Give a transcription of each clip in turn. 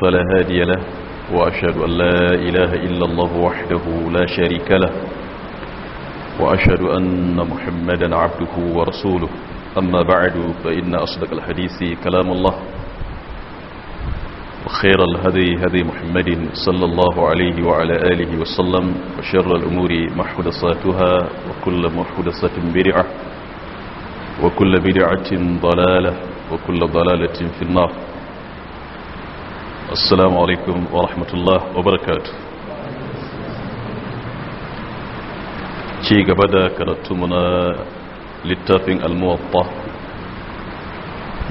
فلا هادي له وأشهد أن لا إله إلا الله وحده لا شريك له وأشهد أن محمدا عبده ورسوله أما بعد فإن أصدق الحديث كلام الله وخير الهدي هدي محمد صلى الله عليه وعلى آله وسلم وشر الأمور محدثاتها وكل محدثة برعة وكل بدعة ضلالة وكل ضلالة في النار assalamu alaikum wa rahmatullah wa barakatu ci gaba da karatunmu na littafin almuwatta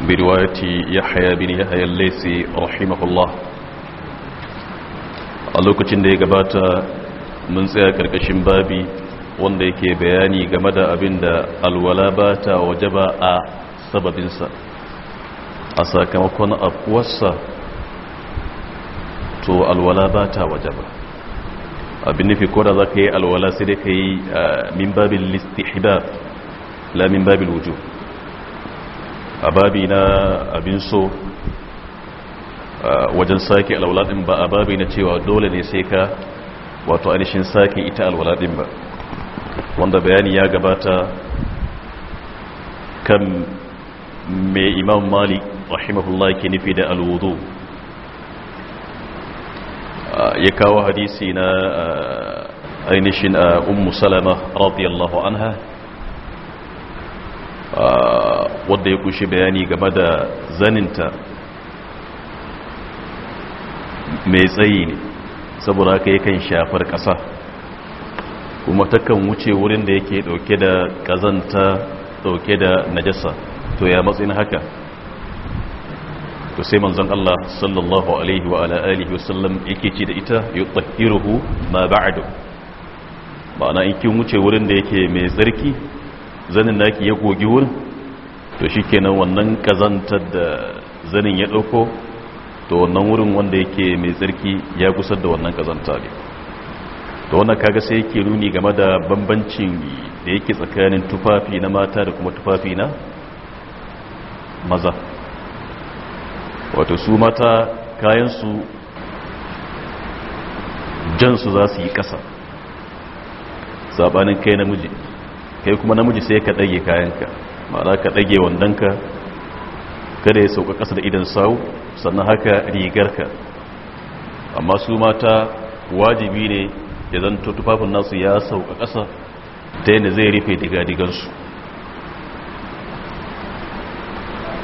birwati ya haya bin ya hayan laisi rahimahullah a lokacin da ya gabata mun tsaya karkashin babi wanda yake bayani game da abin da alwala bata ta waje ba a sababinsa a sakamakon a afuwarsa to alwala ba ta waje ba abin nufi ko da za ka yi alwala sai dai ka yi min babin listihdar la min babin wujo a babi na abin so wajen sake alwala din ba a babi na cewa dole ne sai ka wato ainihin sake ita alwala din ba wanda bayani ya gabata kan mai imam malik rahimahullah ke nufi da alwudu ya kawo hadisi na ainihin ummu salama radiyallahu anha wadda ya kushi bayani game da zaninta mai tsayi ne saboda haka yakan shafar ƙasa kuma takan wuce wurin da yake dauke da kazanta dauke da najasa to ya matsayin haka to sai manzon Allah sallallahu alaihi wa ala alihi wasallam yake ce da ita yutahhiruhu ma ba'du ma'ana in kin wuce wurin da yake mai tsarki zanin naki ya gogi wurin to shikenan wannan kazantar da zanin ya dauko to wannan wurin wanda yake mai tsarki ya gusar da wannan kazanta ne to wannan kaga sai yake nuni game da bambancin da yake tsakanin tufafi na mata da kuma tufafi na maza wato su mata kayansu jansu za su yi ƙasa sabanin kai namiji kai kuma namiji sai ka ɗage kayanka ma'ana ka ɗage wandonka kada ya sauka ƙasa da idan sau sannan haka rigarka amma su mata wajibi ne ya tufafin nasu ya sauka ƙasa ta yadda zai rufe diga-digansu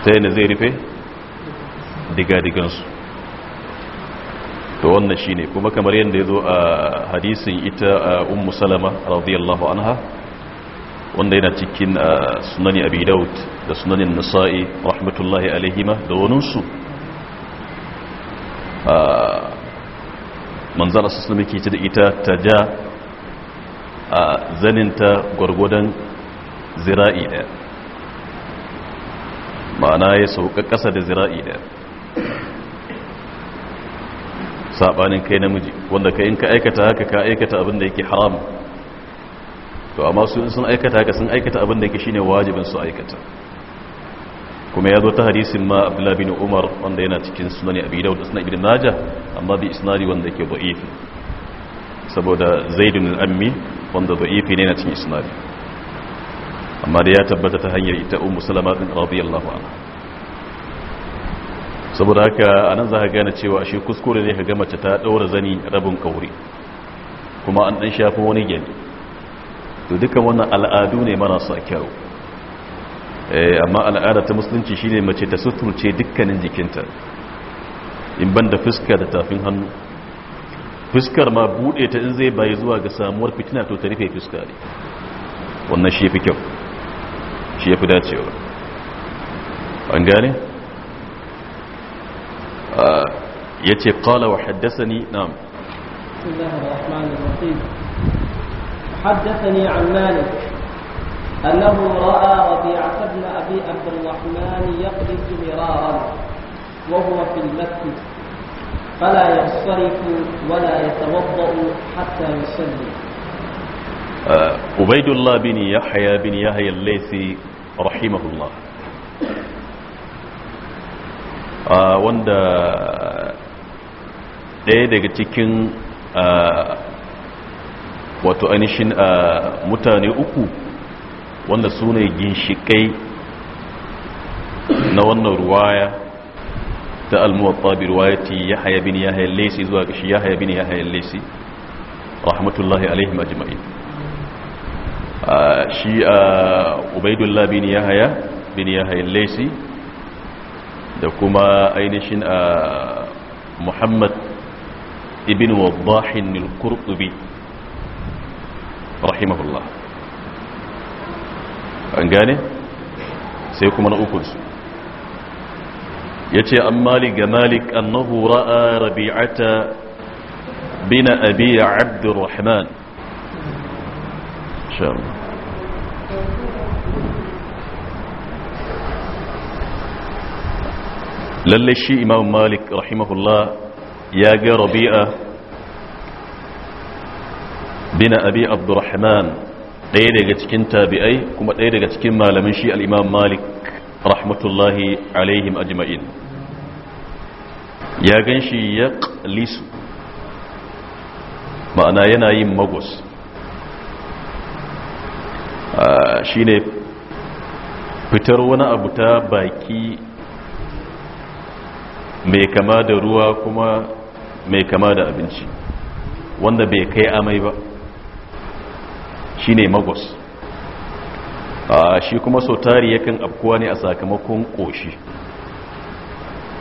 ta yadda zai rufe digadigansu to wannan shine kuma kamar yadda ya zo a hadisin ita ummu salama radiyallahu anha wanda yana cikin sunani abi daud da sunanin nasa'i rahmatullahi alaihima da waninsu manzana sassan muke ce da ita ta ja a zaninta gwargwadon zira'i ɗaya ma'ana ya sauka ƙasa da zira'i ɗaya sabanin kai namiji wanda kai in ka aikata haka ka aikata abin da yake haram to amma su sun aikata haka sun aikata abin da yake shine wajibin su aikata kuma ya zo ta hadisin ma abdullahi bin umar wanda yana cikin sunan abi Dawud da sunan ibn majah amma bi isnadi wanda yake da'if saboda zaidun bin ammi wanda da'if ne yana cikin isnadi amma da ya tabbata ta hanyar ita ummu salama radiyallahu anha saboda haka a nan za ka gane cewa shi kuskure ne ka ga mace ta ɗaura zani rabin kauri kuma an ɗan shafi wani gani to duka wannan al'adu ne marasa kyau eh, amma al'ada ta musulunci shine mace ta suturce dukkanin jikinta in ban da fuska da tafin hannu fuskar ma buɗe ta in zai bayi zuwa ga samuwar fitina to ta rufe fuska ne wannan shi fi kyau shi ya fi dacewa an gane? yace qala wa haddathani na'am الله الرحمن الرحيم حدثني عن مالك أنه رأى ربيعة بن أبي عبد الرحمن يقذف مرارا وهو في المسجد فلا يصرف ولا يتوضأ حتى يصلي آه، عبيد الله بن يحيى بن يحيى الليثي رحمه الله wanda آه، ɗaya daga cikin wato ainihin mutane uku wanda su ne ginshikai na wannan ruwaya ta almuwatta bi ruwayati ya haya bin ya haya lesi zuwa kashi ya haya bin ya haya lesi rahmatullahi alaihim ajma'in shi ubaidullah bin ya haya bin ya haya lesi da kuma ainihin muhammad ابن وضاح القرطبي رحمه الله an gane sai kuma na ukunsu ya ce an malik ga malik annahu ra'a rabi'ata bina abi abdurrahman lalle shi imam malik rahimahullah ya ga rabi'a bin abi abdurrahman ɗaya daga cikin tabi'ai kuma ɗaya daga cikin malamin shi al'imam malik rahmatullahi alaihim ajma'in ya gan shi ya ƙalisu ma'ana yana yin magos ah, shi ne fitar wani abu ta baki mai kama da ruwa kuma mai kama da abinci wanda bai kai amai ba shi ne magos shi kuma sautari yakan abkuwa ne a sakamakon koshi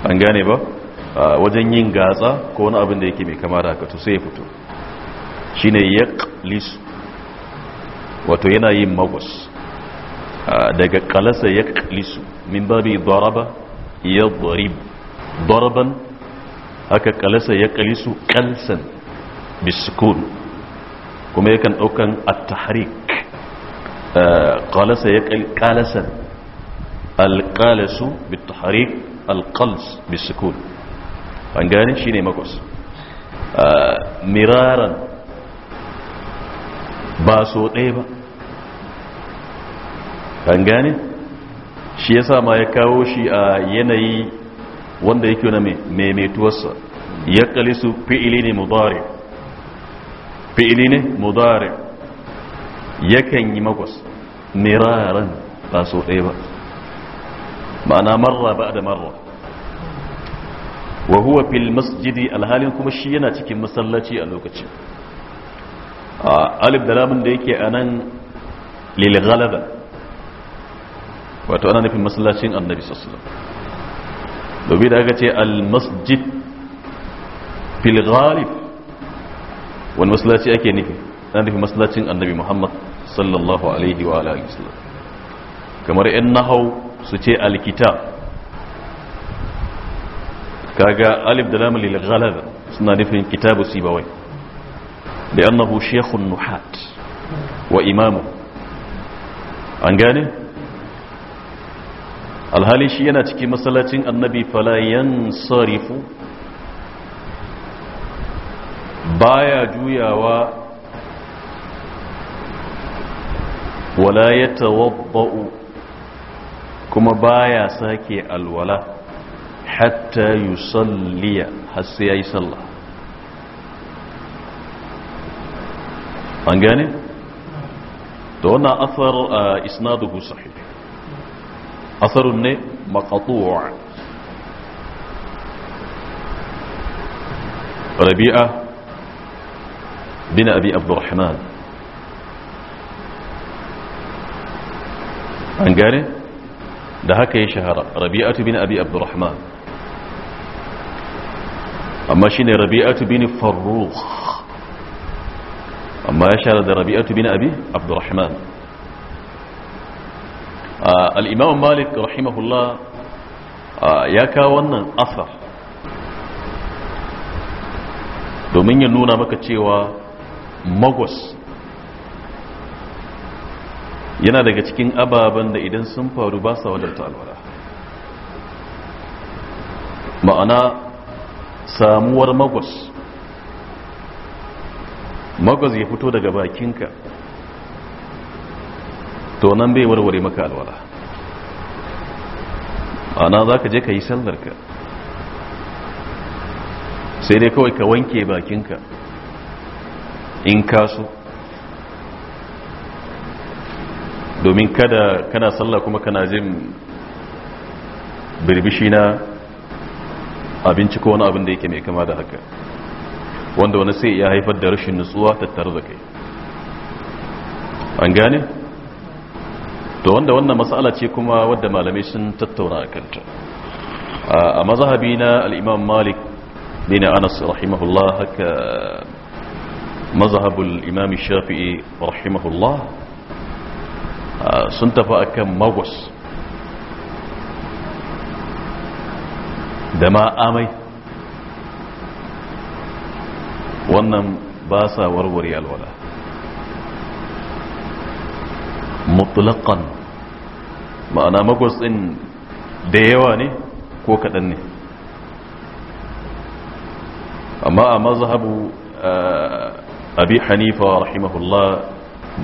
an gane ba wajen yin gatsa ko wani abin da yake mai kama da haka to sai ya fito shi ne ya yaqlis wato yana yin magos daga kalasa yaqlisu min babi ya yadrib daraban haka kalasa ya kalisu kalsan bisukun kuma kan daukan at-tahrik qalasa eh, ya kalasan alqalasu bit-tahrik alqals bisukun an gane shine makos eh, miraran ba so ɗaya ba an gane shi yasa ma ya kawo shi a yanayi wanda yake na maimaituwarsa ya kalisu fi'ili ne mudari fi'ili ne mudari yakan yi magwas miraran ba so ɗaya ba ma'ana marra ba da marra wa huwa fil masjidi alhalin kuma shi yana cikin masallaci a lokacin alif da lamun da yake a nan lil ghalaba wato ana nufin masallacin annabi sallallahu alaihi wasallam domin da aka ce al-masjid fil ghalib wani masallaci ake nufi an nufi masallacin annabi muhammad sallallahu alaihi wa alihi wasallam kamar yan nahau su ce Alkita kaga alif da lam lil suna nufin kitabu sibawai da annahu shaykhun nuhat wa imamu an gane alhali shi yana cikin masallacin annabi falayen sarifu baya juyawa wala ya kuma baya sake alwala hatta yusalliya har sai ya yi sallah an gane? da wannan afar isnaduhu sahih اثر ني مقطوع ربيعه بن ابي عبد الرحمن ان قال ده هكا شهر ربيعه بن ابي عبد الرحمن اما شنو ربيعه بن فروخ اما شهر ربيعه بن ابي عبد الرحمن al'imam malik rahimahullah ya kawo wannan asar domin ya nuna maka cewa magos yana daga cikin ababen da idan sun faru ba sa wadanta alwala ma'ana samuwar magos magos ya fito daga bakinka to nan bai warware maka alwala ana za ka je ka yi sallar ka? sai dai kawai ka wanke bakinka in kaso domin kada kana sallah kuma kana jin birbishi na abinci ko wani abin da yake mai kama da haka wanda wani sai ya haifar da rashin nutsuwa tattare da kai an gane? to wanda wannan matsala ce kuma wadda malamai sun tattauna a kanta a mazhabi na al-imam malik bin anas rahimahullah haka mazhabul imam shafi'i rahimahullah sun tafi akan magwas da ma amai wannan ba sa warware alwala mutlaqan ma'ana magos din da yawa ne ko kaɗan ne amma a mazhabu eh, abi hanifa rahimahullah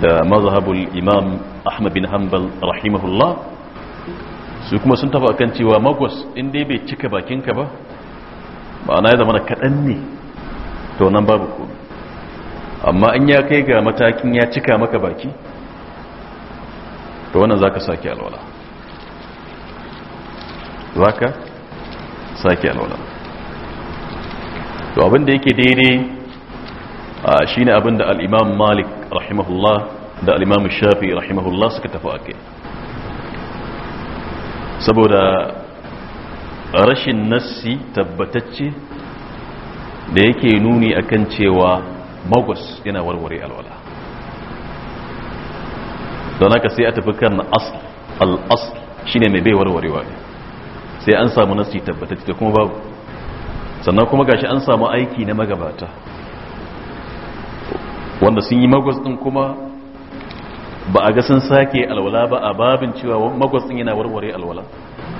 da mazhabul imam ahmad bin hanbal rahimahullah su kuma sun tafi akan cewa magos in dai bai cika bakinka ba ma'ana ya zama kaɗan ne to nan babu komai amma in ya kai ga matakin ya cika maka baki to wannan za ka sake alwala za ka sake alwala to abinda yake daidai shi ne abinda al'imam malik rahimahullah da al'imam shafi rahimahullah suka tafi ake saboda rashin nassi tabbatacce da yake nuni akan cewa magos yana warware alwala don haka sai a tafi kan asl al-asl shine mai bai warwarewa sai an samu nasi tabbatacce da kuma babu sannan kuma gashi an samu aiki na magabata wanda sun yi magwas din kuma ba a ga sun sake alwala ba a babin cewa magwas din yana warware alwala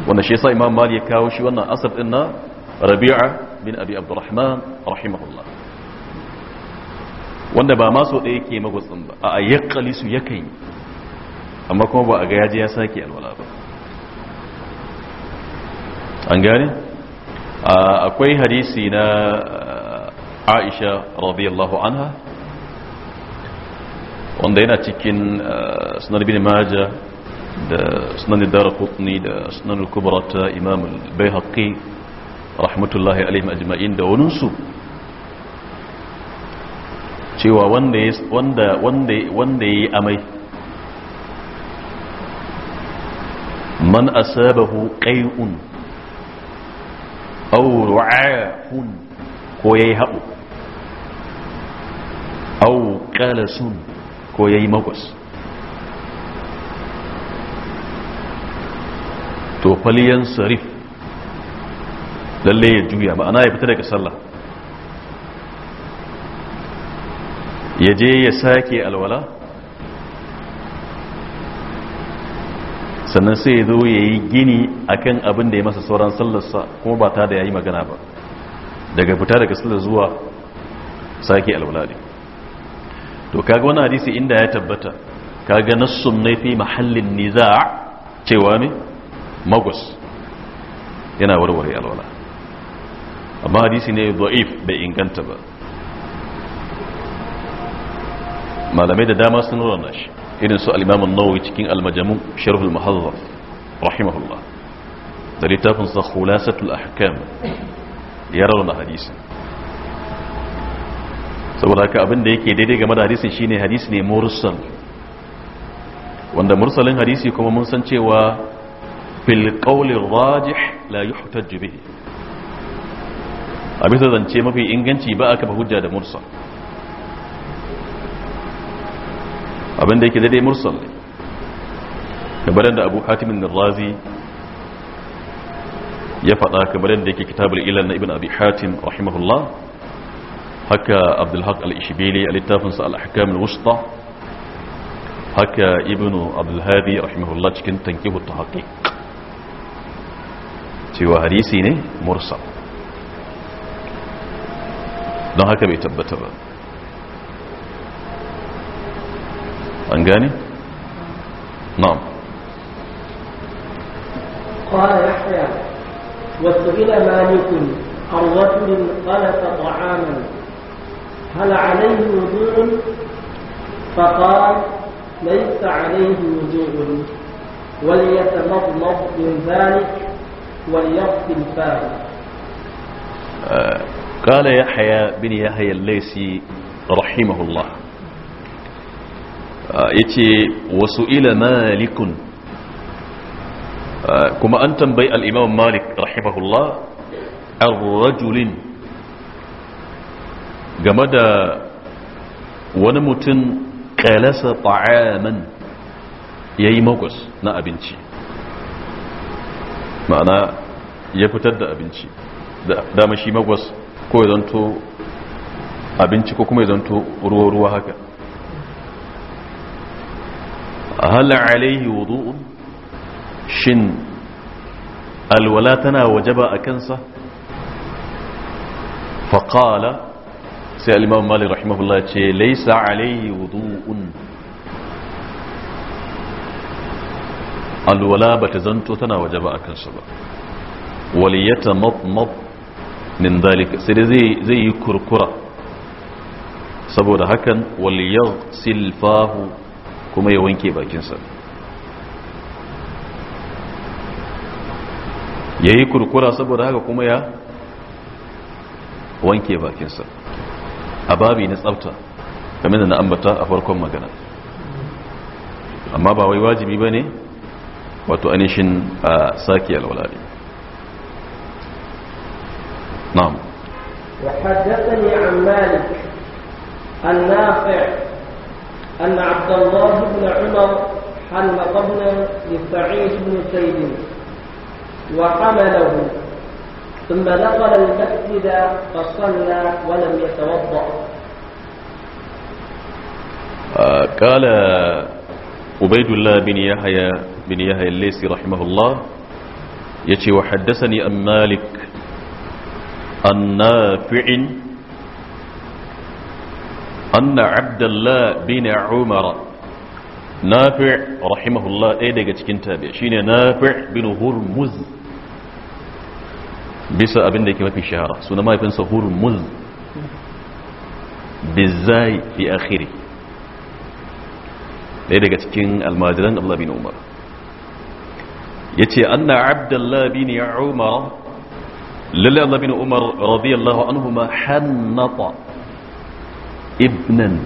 wanda shi yasa imam mali ya kawo shi wannan asar din na rabi'a bin abi abdurrahman rahimahullah wanda ba maso ɗaya ke magwas din ba a ayyakali su yakan yi amma kuma ba a ga yaji ya sake alwala ba an gane akwai hadisi na aisha radiyallahu anha wanda yana cikin sunan bin maja da sunan dara kutni da sunan kubra ta imam bai haƙi rahmatullahi alaihim ajma'in da waninsu cewa wanda ya yi amai man asabahu qai'un aw ru'afun ko yayi haɓo aw to faliyan sarif lalle ya juya ma'ana ya fita daga sallah ya je ya sake alwala sannan sai ya zo ya yi gini a kan abin da ya masa sauran sallarsa kuma ba ta da ya yi magana ba daga fita daga sallar zuwa sake alwala to kaga wani hadisi inda ya tabbata kaga nassun ne fi mahallin niza' cewa ne magos yana warware alwala amma hadisi ne da'if bai inganta ba malamai da dama sun rana shi irin su al-imam nawawi cikin al sharhul sharh al rahimahullah da littafin sa khulasatul ahkam ya na hadisin saboda haka abin da yake daidai game da hadisin shine hadisi ne mursal wanda mursalin hadisi kuma mun san cewa fil qawli rajih la yuhtaj bihi a zance mafi inganci ba aka ba hujja da mursal abin da yake daidai mursal ne kamar da abu hatimin razi ya faɗa kamar da yake kitabul ilal na ibn abi hatim rahimahullah haka abdulhaq al-ishbili a littafinsa al-ahkam al-wusta haka ibn abdulhadi rahimahullah cikin tankihu ta haƙiƙ cewa hadisi ne mursal don haka bai tabbata ba أن نعم قال يحيى وسئل مالك عن رجل قلت طعاما هل عليه وجوع فقال ليس عليه وجوع وليتمضمض من ذلك وليغسل فاه قال يحيى بن يحيى الليسي رحمه الله ya ce wasu ila malikun kuma an tambayi al'imam malik rahimahullah arrajulin game da wani mutum kalasa ta'aman ya yi magos na abinci ma'ana ya fitar da abinci dama shi magos ko ya zanto abinci ko kuma ya zanto ruwa-ruwa haka هل عليه وضوء شن الولاتنا وجب أكنسة فقال سأل الإمام مالك رحمه الله شيء ليس عليه وضوء الولاء بتزنت تنا وجب أكنسة وليتمضمض من ذلك سيدي زي كركرة سبو هكا وليغسل فاه kuma ya wanke bakinsa ya yi kurkura saboda haka kuma ya wanke bakinsa a babi na tsafta game da na ambata a farkon magana amma ba wai wajibi ba ne wato anishin a sake alwalari na'am وحدثني عن مالك النافع أن عبد الله بن عمر حل قبل لسعيد بن سيد وحمله ثم دخل المسجد فصلى ولم يتوضأ آه، قال عبيد الله بن يحيى بن يحيى الليسي رحمه الله يتي وحدثني أن مالك عن نافع anna abdullah bin umar nafi' rahimahullah ɗaya daga cikin tabi shine nafi' bin hurmuz bisa abin da yake mafi shahara suna mahaifinsa hurmuz bizai fi akhiri ɗaya daga cikin almajiran Allah bin Umar ya ce anna abdullah bin umar lalle Allah bin Umar radiyallahu anhu ma hannata ibnan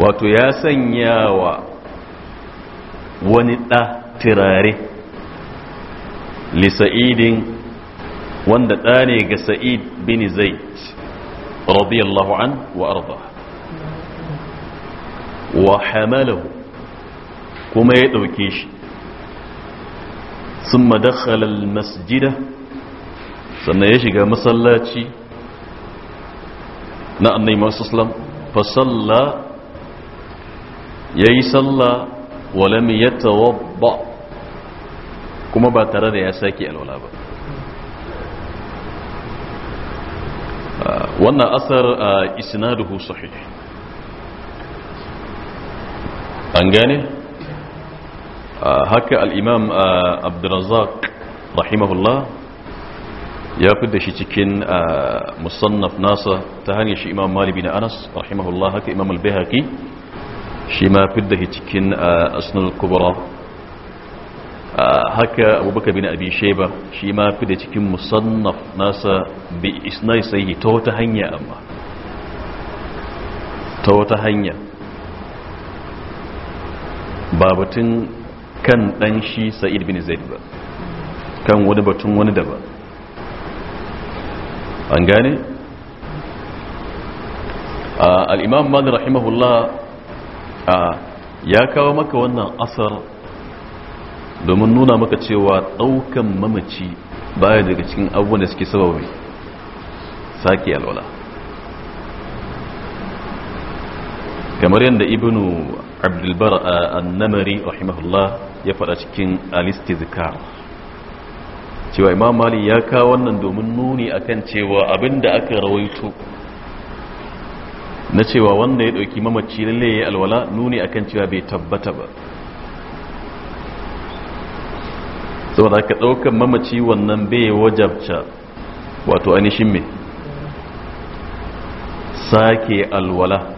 wato ya sanya wa wani ɗa tirare lisa'idin wanda ɗa ne ga sa'id bin zaid radiyallahu an wa arda wa hamalahu kuma ya ɗauke shi sun madakhalar masjida sannan ya shiga masallaci na annabi Muhammad sallallahu alaihi wasallam fa salla yayi salla wa lam yatawadda kuma ba tare da ya saki alwala ba wannan asar isnaduhu sahih an gane haka al-imam abdurrazzaq rahimahullah ya fi shi cikin uh, musannaf nasa ta hanyar shi imam malibi na anas rahimahullah haka imam al-bihaki shi ma fi shi cikin uh, asnul kubra uh, haka abubakar bin abi sheba shi ma fidda cikin musannaf nasa bi isnai sayi ta wata hanya amma ta wata hanya Babatun kan ɗan shi sa'id bin zaid ba kan wani batun wani da ba an gane al'imam malik rahimahullah ya kawo maka wannan asar domin nuna maka cewa ɗaukan mamaci baya daga cikin abubuwan da suke sababai sake alwala kamar yadda ibnu abdulbar annamari rahimahullah ya faɗa cikin alistizikar cewa imam mali ya kawo wannan domin nuni akan cewa abinda aka rawaito na cewa wanda ya ɗauki mamaci lalle ya alwala nuni akan cewa bai tabbata ba saboda aka ɗaukan mamaci wannan bai wajabta wato ainihin mai sake alwala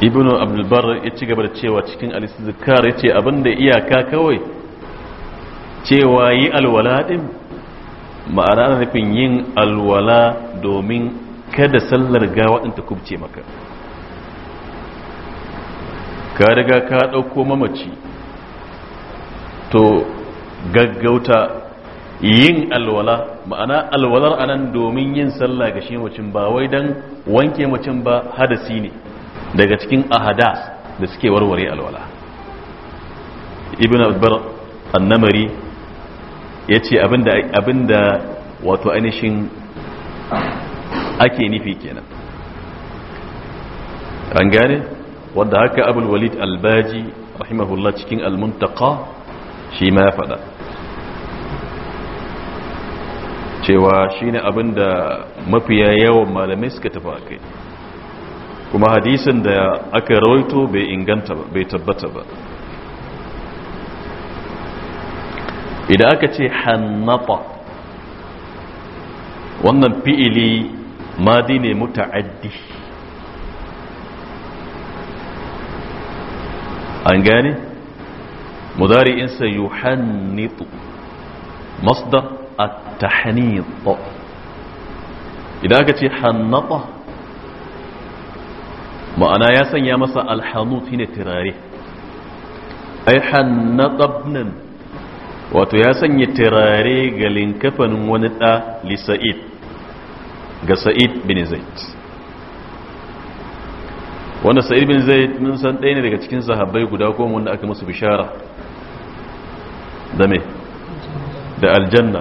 ibn abdulbar ya ci gaba da cewa cikin alisizikar ya ce abinda iyaka kawai cewa yi alwala ɗin ma'ana na nufin yin alwala domin kada sallar gawa ɗin kubce maka ka riga ka ɗauko mamaci to gaggauta yin alwala ma'ana alwalar anan domin yin sallah ga shi mucin ba wai don wanke mucin ba hadasi ne daga cikin ahadas da suke warware alwala ibn abbar annamari ya ce abinda wato ainihin ake nufi kenan an gane wadda haka abul walid albaji rahimahullah cikin almuntaka shi ma ya fada cewa shine abinda mafiya yawan malamai suka tafi a kai kuma hadisin da aka rawaito bai inganta ba bai tabbata ba idan aka ce hannata wannan fi'ili madi ne muta'addi an gane mudari'insa yuhannitu masdar at-tahnit idan aka ce hannata ma'ana ya sanya masa shi ne turare ai hannatabnan wato ya sanya tirare ga linkafanin wani ɗa li sa'id ga sa'id bin zaid wanda sa'id bin zaid mun san ɗaya ne daga cikin sahabbai guda goma wanda aka musu bishara da me da aljanna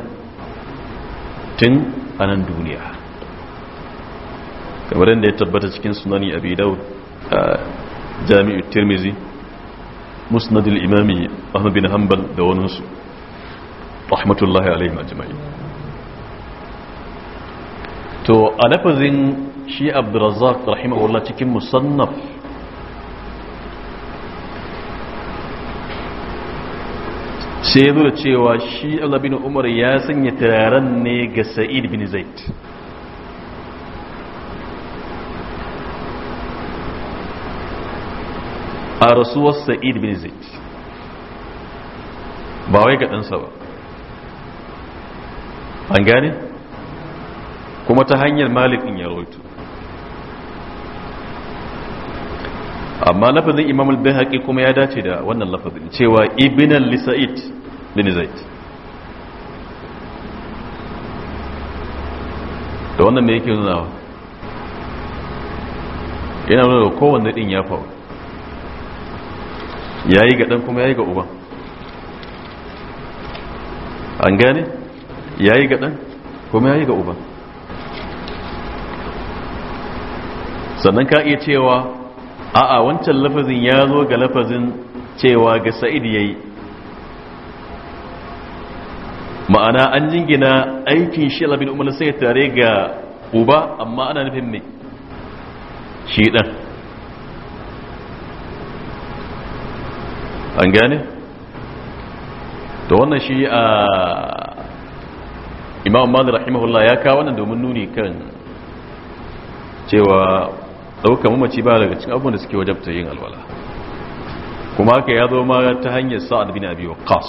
tun anan duniya kamar yadda ya tabbata cikin sunani abi daud a jami'u tirmizi musnadil imami ahmad bin hanbal da waninsu rahmatullahi alaihim ajma'in to a lafazin shi abdurrazzaq rahimahullah cikin musannaf sai ya zo da cewa shi Allah Umar ya sanya turaren ne ga Sa'id bin Zaid a rasuwar sa'id bin zaid ba wai ga ɗansa ba an gane kuma ta hanyar malikin ya rawaito amma lafazin imam al-bihaqi kuma ya dace da wannan lafazin cewa ibn al-sa'id bin zaid da wannan ne yake nuna yana nuna kowanne din ya faru yayi ga dan kuma yayi ga uba an gane yayi ga dan kuma yayi ga uba, sannan ka iya cewa a'a wancan lafazin ya zo ga lafazin cewa ga sa'id yayi ma'ana an jingina aikin shi labin umar sai tare ga uba amma ana nufin ne shi dan an gane to wannan shi a imam malik rahimahullah ya kawo wannan domin nuni kan cewa daukar mamaci ba daga cikin abubuwan da suke wajabta yin alwala kuma haka ya zo ma ta hanyar sa'ad bin abi waqas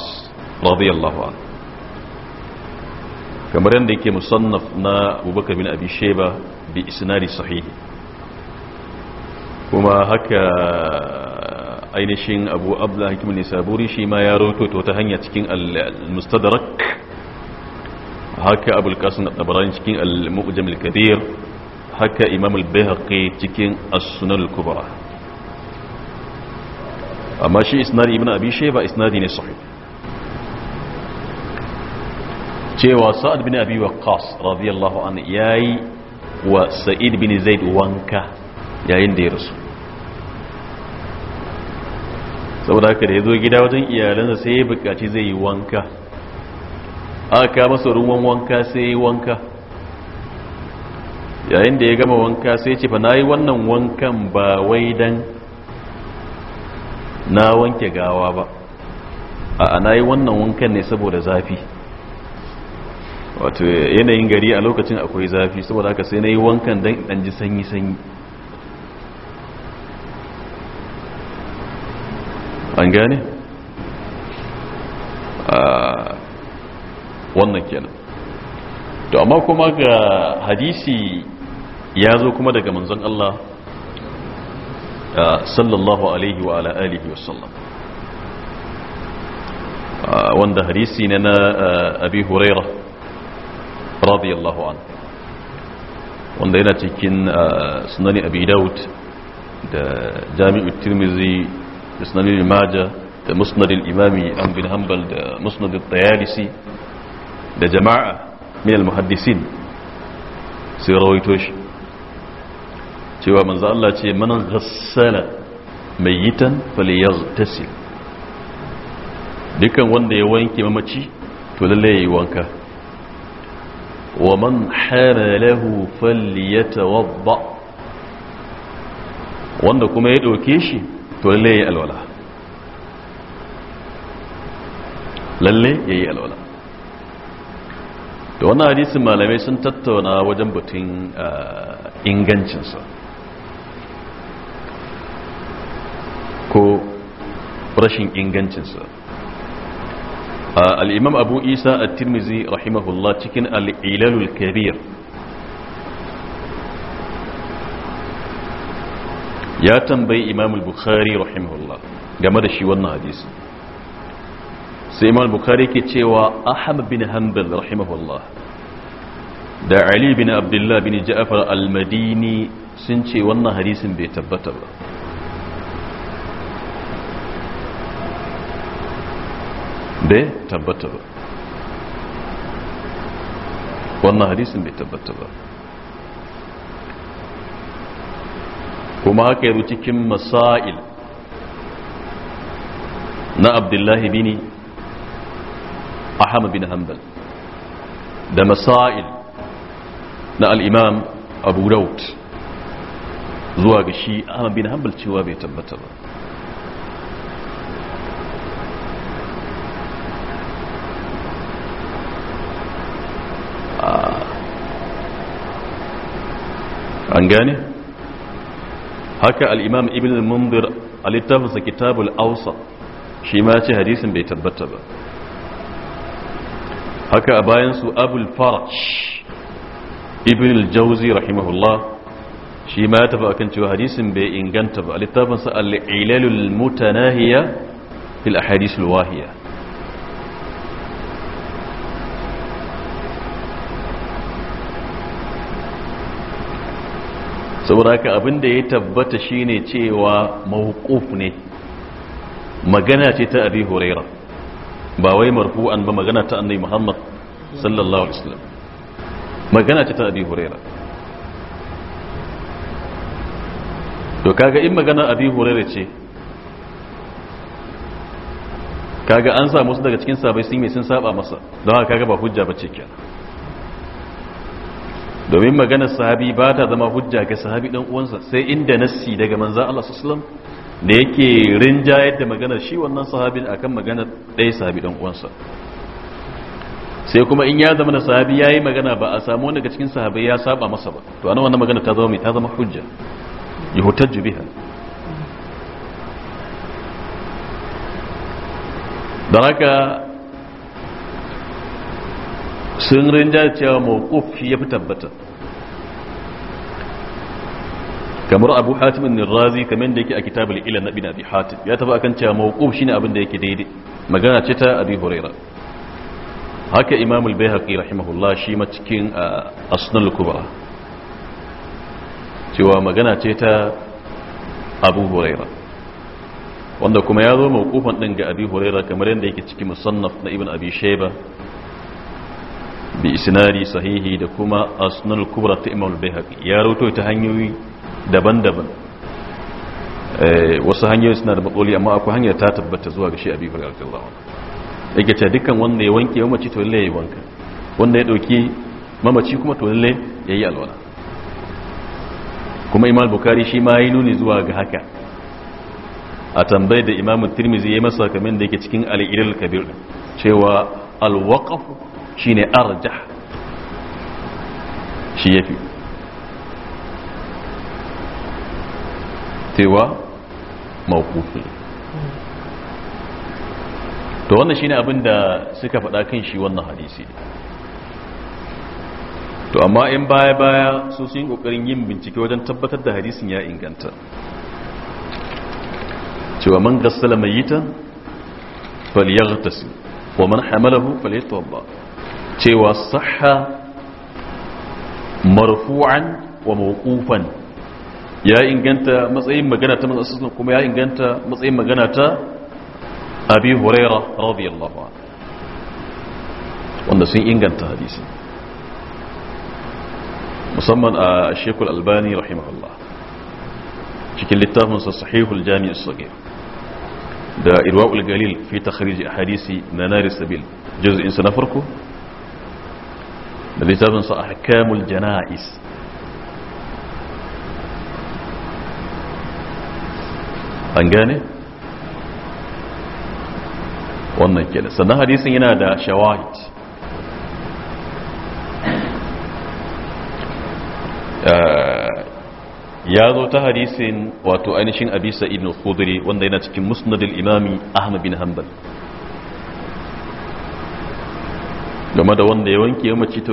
radiyallahu anhu kamar yadda yake musannaf na abubakar bin abi shayba bi isnadi sahihi kuma haka ainihin abu abla Hikmuni nisaburi shi ma ya rototo ta hanya cikin al-mustadrak haka abul qasim al tabarani cikin al-muqjam al-kabir haka imam al-bayhaqi cikin as-sunan al-kubra amma shi isnadi ibn abi shayba isnadi ne sahih cewa sa'ad bin abi waqqas radiyallahu anhu yayi wa sa'id bin zaid wanka yayin da ya rasu saboda haka da ya zo gida wajen iyalansa sai ya bukaci zai yi wanka aka masa ruwan wanka sai ya yi wanka yayin da ya gama wanka sai ce fa na yi wannan wankan ba wai dan na wanke gawa ba a na yi wannan wankan ne saboda zafi wato yanayin gari a lokacin akwai zafi saboda haka sai na yi wankan dan ji sanyi-sanyi an gane ah, wannan kenan to amma kuma ga hadisi ya zo kuma daga manzon Allah ah, sallallahu alaihi wa ala alihi wasallam ah, wanda hadisi ne na abi huraira radiyallahu an wanda yana cikin sunani abi daud da jami'u tirmizi مسند الماجة مسند الإمام أم بن هنبل مسند الطيالسي ده جماعة من المحدثين سيروي توش سيوا من زال الله شيء من غسل ميتا فليغتسل dukan wanda ya wanke mamaci to lalle ya yi wanka wa man hana lahu falliyata wadda wanda kuma ya ɗauke shi to lalle yayi alwala lalle yayi alwala to wannan hadisin malamai sun tattauna wajen batun ingancin sa ko rashin ingancin sa al-imam abu isa at-tirmidhi rahimahullah cikin al al'ilalul kabir ya tambayi imam al-bukhari rahimahullah game da shi wannan hadisi sai imam al-bukhari ke cewa ahmad bin hanbal rahimahullah da ali bin abdullah bin ja'far al-madini sun ce wannan hadisin bai tabbata ba bai tabbata ba wannan hadisin bai tabbata ba kuma haka yanzu cikin masail na abdullahi bini ahmad bin hanbal da masail na al'imam abu daud zuwa ga shi ahmad bin hanbal cewa bai tabbata ba ah. an gane? haka al'imam ibn al-mundir a littafinsa kitabul ausa shi ma ce hadisin bai tabbata ba haka a bayansu abul faraj ibn al-jauzi rahimahullah shi ma ya tafi akan cewa hadisin bai inganta ba a littafinsa al'ilalul mutanahiya fil ahadisul wahiya saboda haka abin da ya tabbata shine cewa mawquf ne magana ce ta abi huraira ba wai marfu'an ba magana ta annabi muhammad sallallahu alaihi wasallam magana ce ta abi huraira to kaga in magana abi huraira ce kaga an samu su daga cikin sabai sun mai sun saba masa don haka kaga ba hujja bace kenan domin maganar sahabi ba ta zama hujja ga sahabi dan uwansa sai inda nassi daga manza Allah sallallahu da yake rinjayar da maganar shi wannan sahabi akan maganar ɗaya sahabi dan uwansa sai kuma in ya zama da sahabi yi magana ba a samu daga cikin sahabi ya saba masa ba to anan wannan magana ta zama mai ta zama hujja yuhtajju biha da haka sun rinja cewa mawquf ya fi tabbata kamar abu hatim bin razi kamar da yake a kitabul ila na bin abi hatim ya tafi akan cewa mawquf shine abin da yake daidai magana ce ta abi huraira haka imam al-baihaqi rahimahullah shi ma cikin ah, asnan al-kubra cewa magana ce ta abu huraira wanda kuma ya zo mawqufan din ga abi huraira kamar yadda yake cikin musannaf na ibn abi shayba bi isnadi sahihi da kuma asnul kubra ta imam al bihaqi ya rawaito ta hanyoyi daban-daban eh, wasu hanyoyi suna da matsaloli amma akwai hanyar ta tabbata zuwa ga shi abi bakar radiyallahu anhu yake ta dukkan wanda ya wanke mamaci to lalle ya wanka wanda ya dauki mamaci kuma to lalle yayi alwala kuma imam bukhari shi ma yi nuni zuwa ga haka a tambayar da imam tirmizi ya masa kamar da yake cikin al-ilal kabir cewa al-waqfu Shi ne arja shi ya yafi cewa mawqufi to wannan shi ne abinda suka faɗa kan shi wannan hadisi to amma in baya baya su sun yi kokarin yin bincike wajen tabbatar da hadisin ya inganta cewa man gassala mayitan falyaghtasil wa man hamalahu falyatawadda cewa sahha marfu'an wa mawqufan ya inganta matsayin magana ta manzo kuma ya inganta matsayin magana ta abi huraira radiyallahu anhu wanda sun inganta hadisi musamman a shekul albani rahimahullah cikin littafinsa sahihul jami'ar sagir da irwa'ul galil fi takhrij hadisi na nari sabil juz'insa na farko littafin sa ahkamul jana'is an gane wannan kenan sannan hadisin yana da shawahid ya zo ta hadisin wato ainihin abi sa'id al-khudri wanda yana cikin musnad al-imami ahmad bin hanbal game da wanda ya wanke ya mace to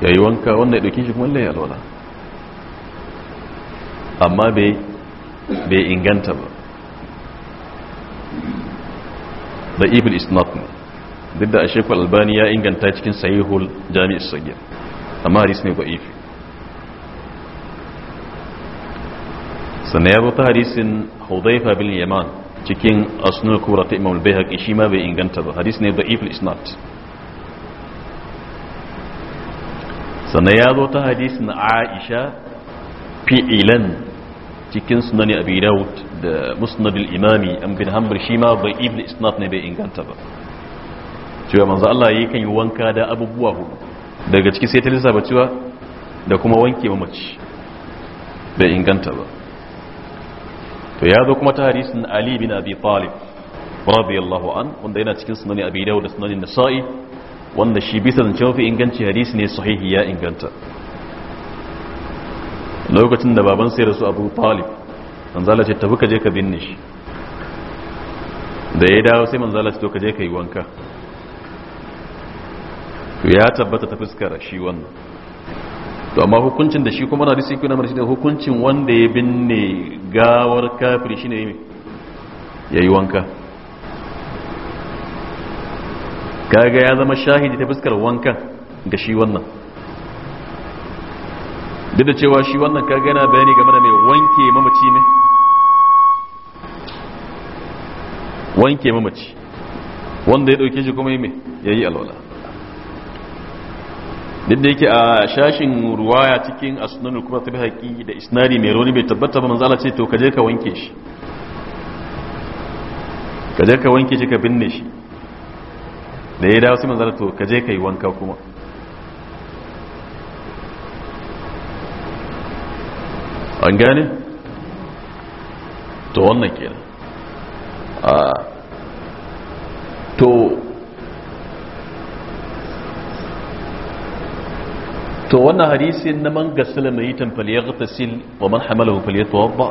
ya yi wanka wanda ya ɗauki shi kuma lalle ya lola amma bai inganta ba da is not ne duk da a albani ya inganta cikin sahihul jami'ar sagir amma haris ne ba ifi sannan ya bata harisin hudaifa bin yaman cikin asnul kura ta imam al-bayhaqi shi ma bai inganta ba hadis ne da ifil isnat sannan ya zo ta hadisin aisha fi'ilan cikin sunani abi daud da musnadul imami an bin hanbal shi ma bai ibn isnad ne bai inganta ba cewa manzo Allah kan yi wanka da abubuwa hudu daga ciki sai ta lissafa cewa da kuma wanke mace bai inganta ba to ya zo kuma ta hadisin ali bin abi talib radiyallahu an wanda yana cikin sunani abi daud da sunani nasa'i wanda shi bisa zance mafi inganci hadisi ne sahihi ya inganta lokacin da baban sai rasu abu talib manzala ce tafi kaje ka binne shi da ya dawo sai manzala ce to kaje ka yi wanka to ya tabbata ta fuskar shi wannan to amma hukuncin da shi kuma na risi kuna marashi da hukuncin wanda ya binne gawar kafiri shine ne ya yi wanka kaga ya zama shahidi ta fuskar wankan ga shi wannan duk da cewa shi wannan kaga yana bayani game da mai wanke mamaci ne wanke mamaci wanda ya dauke shi kuma yi mai ya yi alwala duk da yake a shashin ruwaya cikin asunan kuma ta haƙi da isnari mai rauni bai tabbata ba manzala ce to kaje ka wanke shi kaje ka wanke shi ka binne shi da ya dawo sai manzara to ka je ka yi wanka kuma an gane to wannan kenan to to wannan hadisi na man gasila mai yi tamfal ya wa man hamalahu fal ya ba.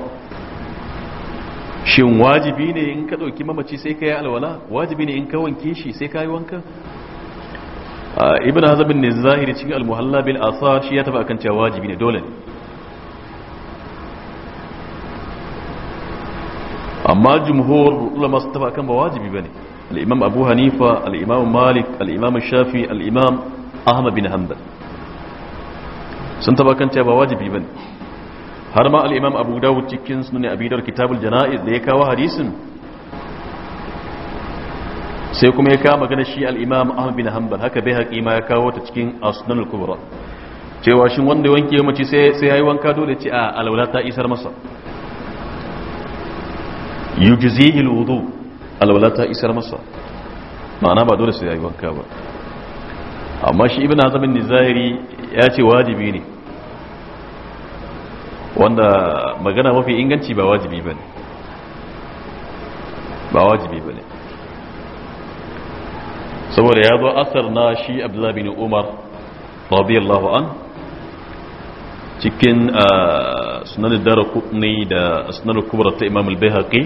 shin wajibi ne in ka ɗauki mamaci sai ka yi alwala wajibi ne in ka wanke shi sai ka yi wanka ibn hazabin ne zahiri cikin almuhalla bil Asa shi ya taba akan cewa wajibi ne dole ne amma jumhur ulama su taba akan ba wajibi ba ne imam abu hanifa al malik al shafi al ahmad bin hanbal sun taba akan cewa ba wajibi ba ne. har ma al'imam imam abu dawud cikin sunan abi dawud kitabul janaiz da ya kawo hadisin sai kuma ya kawo magana shi al-imam ahmad bin hanbal haka bai haƙi ma ya kawo ta cikin asnan al-kubra cewa shi wanda ya wanke mace sai sai yi wanka dole ce a alwala ta isar masa yujzihi al-wudu alwala ta isar masa ma'ana ba dole sai ya yi wanka ba amma shi ibn hazm bin ya ce wajibi ne wanda magana mafi inganci ba wajibi ba ne ba wajibi ba ne saboda ya zo asar na shi abdullahi bin umar radiyallahu an cikin ah, sunan dara kudni da sunan kubra ta imam al-bayhaqi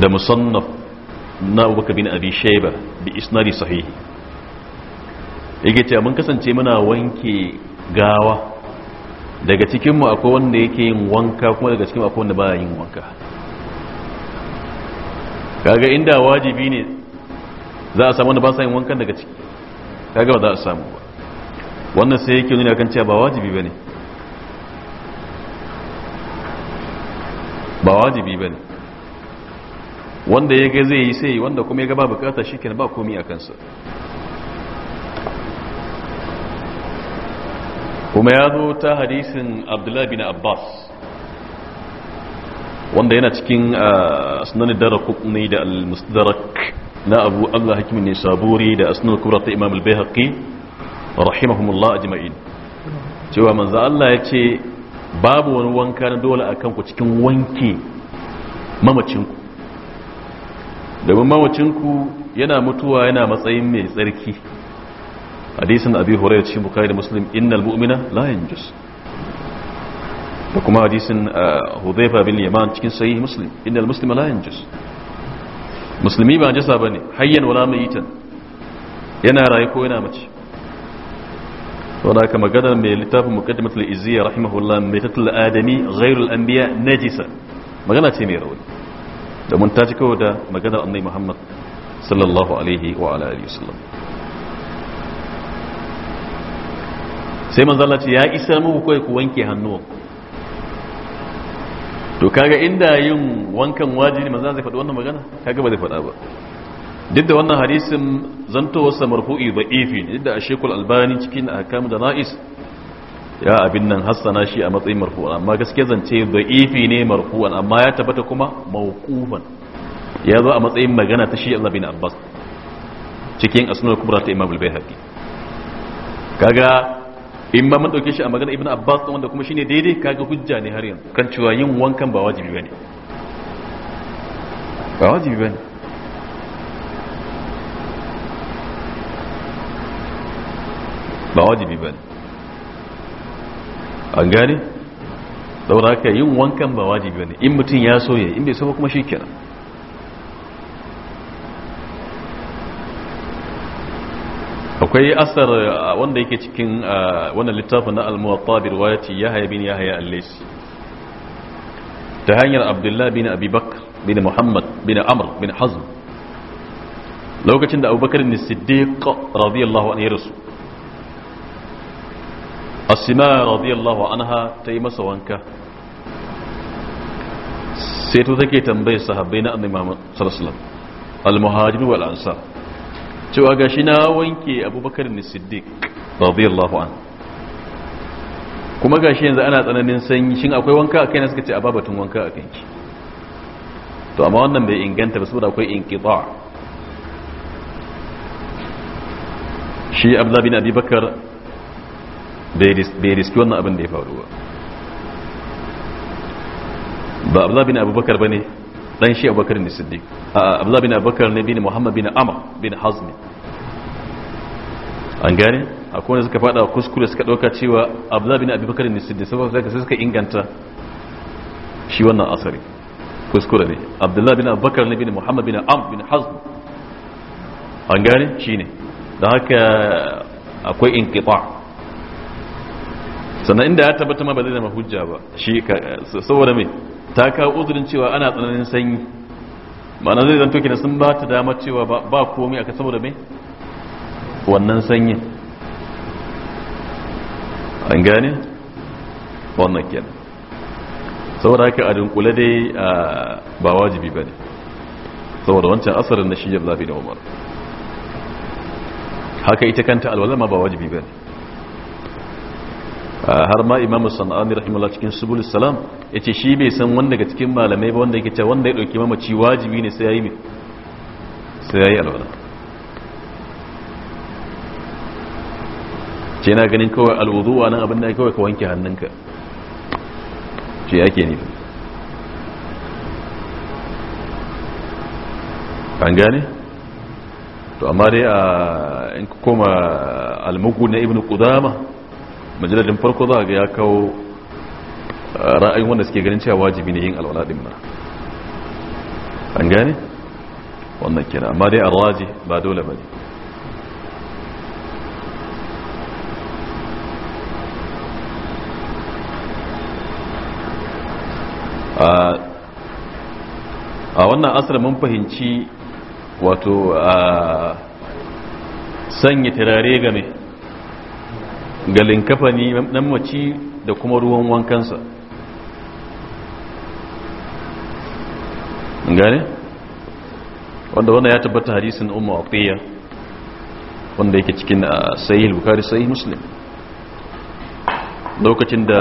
da musannaf na abubakar bin abi shaiba bi isnari sahihi yake ce mun kasance muna wanke gawa daga cikinmu akwai wanda yake yin wanka kuma daga cikinmu akwai wanda ba yin wanka kaga inda wajibi ne za a samu wanda ba sa yin wankan daga ciki kaga ba za a samu ba wannan sai yake nuna kan cewa ba wajibi bane ba wajibi bane wanda ya ga zai yi sai wanda kuma ya ga ba bukata shikenan ba komai a kansa kuma ya zo ta hadisin abdullahi bin abbas wanda yana cikin ah, sunanin dara da al na abu allah hakim ne saburi da asnul kubra ta imam al-bayhaqi rahimahumullah ajma'in cewa manzo allah ya ce babu wani wanka na dole a kanku cikin wanke mamacinku domin mamacinku yana mutuwa yana matsayin mai tsarki hadisin abi hurairah cikin bukhari da muslim innal mu'mina la yanjus da kuma hadisin uh, hudhayfa bin yaman cikin sahih muslim innal muslima la yanjus musulmi ba jasa bane hayyan wala mayitan yana raye ko yana mace aka magana mai littafin muqaddimatul izziya rahimahullah mai tattala adami ghairul anbiya najisa magana ce mai rauni domin ta ci kawai da maganar annabi muhammad sallallahu alaihi wa alihi wasallam sai manzo Allah ce ya isa muku kai ku wanke hannu. to kaga inda yin wankan wajibi manzo zai faɗi wannan magana kaga ba zai faɗa ba duk da wannan hadisin wasa marfu'i ba ifi ne duk da ashekul albani cikin ahkam da na'is ya abin nan hassana shi a matsayin marfu'an amma gaskiya zance ba ifi ne marfu'an amma ya tabbata kuma mawqufan ya zo a matsayin magana ta shi Allah bin Abbas cikin asnul kubra ta Imam al-Baihaqi kaga in ma mun dauke shi a magana ibnu abbas wanda kuma shine daidai kaga hujja ne har yanzu kan cewa yin wankan ba wajibi bane ba wajibi bane ba wajibi bane an gane saboda haka yin wankan ba wajibi bane in mutum ya so ya in bai so kuma shikenan akwai asar wanda yake cikin wannan littafin na almuwatta bi riwayati yahya bin yahya al-laysi ta hanyar abdullah bin abubakar bin muhammad bin amr bin hazm lokacin da abubakar ne siddiq radiyallahu anhu ya rasu asima radiyallahu anha ta yi masa wanka sai to take tambayar sahabbai na annabi muhammad sallallahu alaihi wasallam al-muhajirin wal ansar cewa shi na wanke abubakar ne siddiq radiyallahu an kuma gashi yanzu ana tsananin sanyi shin akwai wanka a kaina suka ce a babatun wanka a kanki to amma wannan bai inganta ba saboda akwai inqita shi abdullah bin abubakar bai riski wannan abin da ya faru ba ba abdullah bin abubakar bane dan shi abubakar ne siddiq abdullah bin abubakar ne bin muhammad bin amr bin hazmi an gane akwai wanda suka fada kuskure suka ɗauka cewa abdullah bin abubakar ne siddiq saboda sai suka inganta shi wannan asari kuskure ne Abdullahi bin abubakar ne bin muhammad bin amr bin hazmi an gane shi ne. da haka akwai inqita' sannan inda ya tabbata ma ba zai zama hujja ba shi saboda mai ta kawo uzurin cewa ana tsananin sanyi ma'ana zai zanto kenan sun ba ta damar cewa ba komai aka saboda mai wannan sanyin an gane wannan kyan saboda haka a dunkule dai ba wajibi ba ne saboda wancan asarin na shiyar zafi da umar haka ita kanta alwala ma ba wajibi ba ne Ah, har ma imamu sana'ani rahimahullah cikin subul salam ya ce shi bai san wanda ga cikin malamai ba wanda yake ce wanda ya ɗauki mamaci wajibi ne sai ya yi sai ya yi alwala ce na ganin kawai alwudu wa nan abin da kawai ka wanke hannunka ce ake nufi an gane? to amma dai a ah, in koma almugu na ibn qudama majaladin farko za ga ya kawo uh, ra'ayin wanda suke ganin cewa wajibi ne yin alwala din nan an gane wannan kira amma dai arwaji ba dole ba ne a wannan asar mun fahimci wato a sanya turare game ga linkafani nan mace da kuma ruwan wankansa gane wanda wanda ya tabbata hadisin umma atiya wanda yake cikin ah, sahih bukhari sahih muslim lokacin da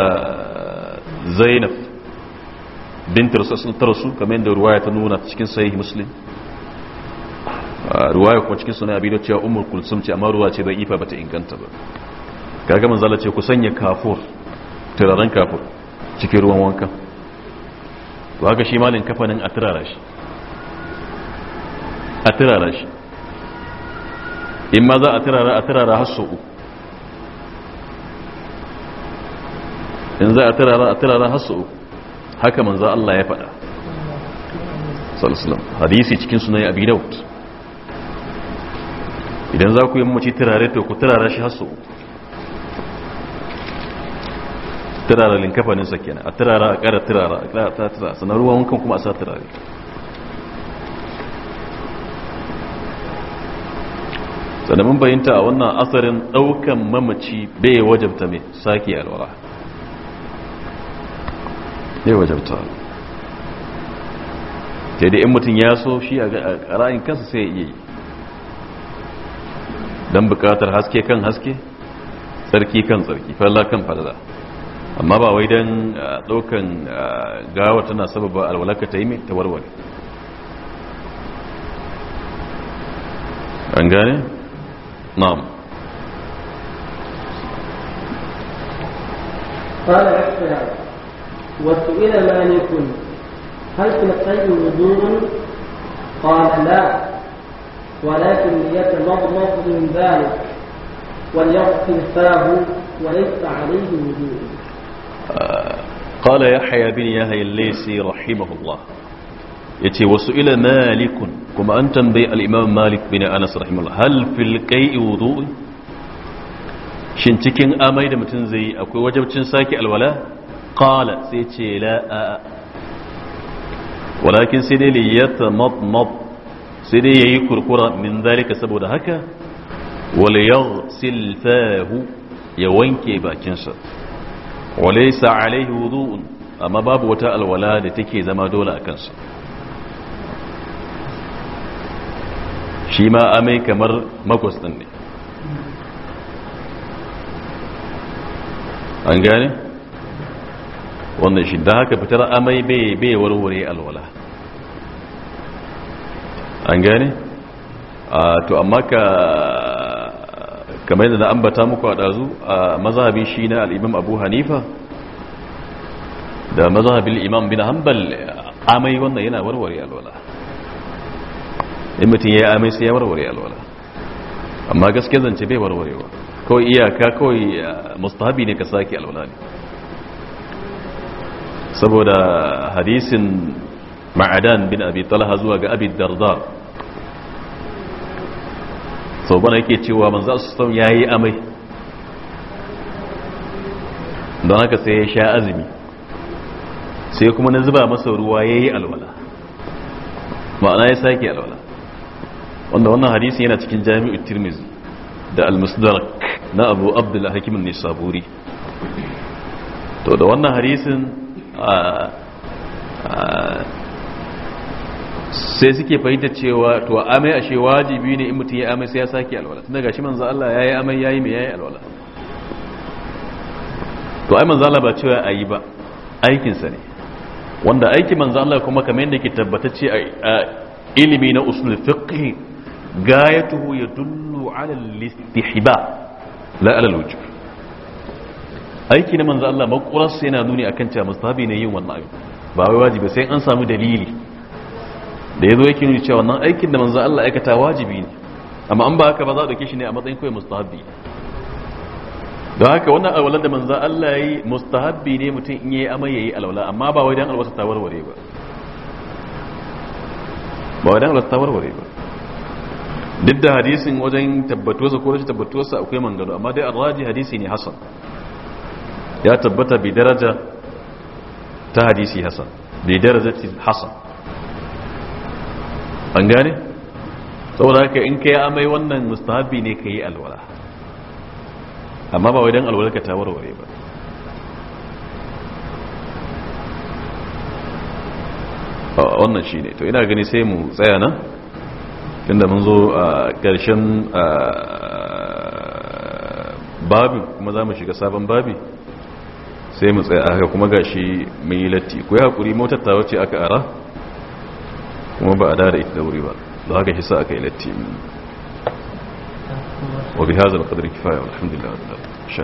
zainab bint rasul ta rasu kamar yadda ruwaya ta nuna cikin sahih muslim ah, ruwaya kuma cikin sunan abi da cewa ummul kulsum ce amma ruwa ce bai ifa bata inganta ba kaga manzala ce ku sanya kafur turaren kafur cikin ruwan wanka to shi malin kafanin a turara shi a turara shi in ma za a turara a turara har sau in za a turara a turara har sau haka manzo Allah ya faɗa sallallahu hadisi cikin sunan abi daud idan za ku yi mace turare to ku turara shi har sau turara linkafanin sa kenan a turara a kara turara a kara ta turara sannan ruwan wankan kuma a sa turare sannan mun bayyanta a wannan asarin daukan mamaci bai wajabta mai sake alwara bai wajabta sai dai in mutum ya so shi a ra'ayin kansa sai ya yi don bukatar haske kan haske tsarki kan tsarki falla kan falla. amma ba wai don ah, ɗaukan ah, gawa tana sababa alwalaka ta yi mai ta warware an gane? na'am قال أكثر وسئل مالك هل في القلب وجود قال لا ولكن يتمضمض من ذلك وليغسل فاه وليس عليه وجود قال يحيى بن يحيى الليسي رحمه الله yace wasu ila malikun kuma an tambayi al-imam malik bin anas rahimahullah hal fil qai'i wudu'i shin cikin amai da mutum zai yi akwai wajabcin saki alwala qala sai ce la a walakin sai dai liyata mab sai dai yayi kurkura min zalika saboda haka wal yaghsil fahu ya wanke bakinsa Wale sa alaihi wudu'un amma babu wata alwala da take zama dole a kansa shi ma amai kamar makwas ɗin ne an gane wannan shi da haka fitar amai bai warware alwala an gane to amma ka kamar yadda na ambata muku a ɗazu a mazhabi shi na al'imam abu hanifa da mazhabin imam bin hanbal amai wannan yana warware alwala in mutum ya yi amai sai ya warware alwala amma gaske zance bai warwarewa kawai iyaka kawai mustahabi ne ka sake alwala ne saboda hadisin ma'adan bin abi talha zuwa ga abi dardar sau bana ke cewa za su ya yi amai don haka sai ya sha azumi sai kuma na zuba masa ruwa ya yi alwala ma'ana ya sake alwala wanda wannan hadisi yana cikin jami'u tirmizi da almusdarak na abu abdullah hakimin nisaburi to da wannan hadisin sai suke fahimta cewa to amai ashe wajibi ne in mutum ya amai sai ya sake alwala tunda gashi manzo Allah yayi amai yayi ya yayi alwala to ai manzo Allah ba cewa ayi ba aikin sa ne wanda aikin manzo Allah kuma kamar yadda ke tabbatacce a ilimi na usul fiqh gayatuhu yadullu ala al-istihba la ala al-wujub aiki na manzo Allah makurarsa yana nuni akan cewa mustahabi ne yin wannan abu ba wai wajibi sai an samu dalili da ya zo yake nuna cewa wannan aikin da manzo Allah aikata wajibi ne amma an ba haka ba za a dauke shi ne a matsayin kawai mustahabbi don haka wannan alwalar da manzo Allah yi mustahabbi ne mutum in yayi amai yayi alwala amma ba wai dan alwasa ta warware ba ba wai dan alwasa ta warware ba duk da hadisin wajen tabbatuwarsa ko rashin tabbatuwarsa akwai mangano amma dai arraji hadisi ne hasan ya tabbata bi daraja ta hadisi hasan bi daraja hasan an gane saboda haka in kai amai wannan mustahabi ne ka yi alwala amma ba wai don alwala ka ta warware ba wannan shi ne to ina gani sai mu tsaya nan inda mun zo a ƙarshen babi kuma za mu shiga sabon babi sai mu tsaya haka kuma gashi mai latti ku yi haƙuri motar ta wace aka ara kuma ba a dada ita da wuri ba da haka shi sa aka yi latti wa bi hazal qadri kifaya alhamdulillah insha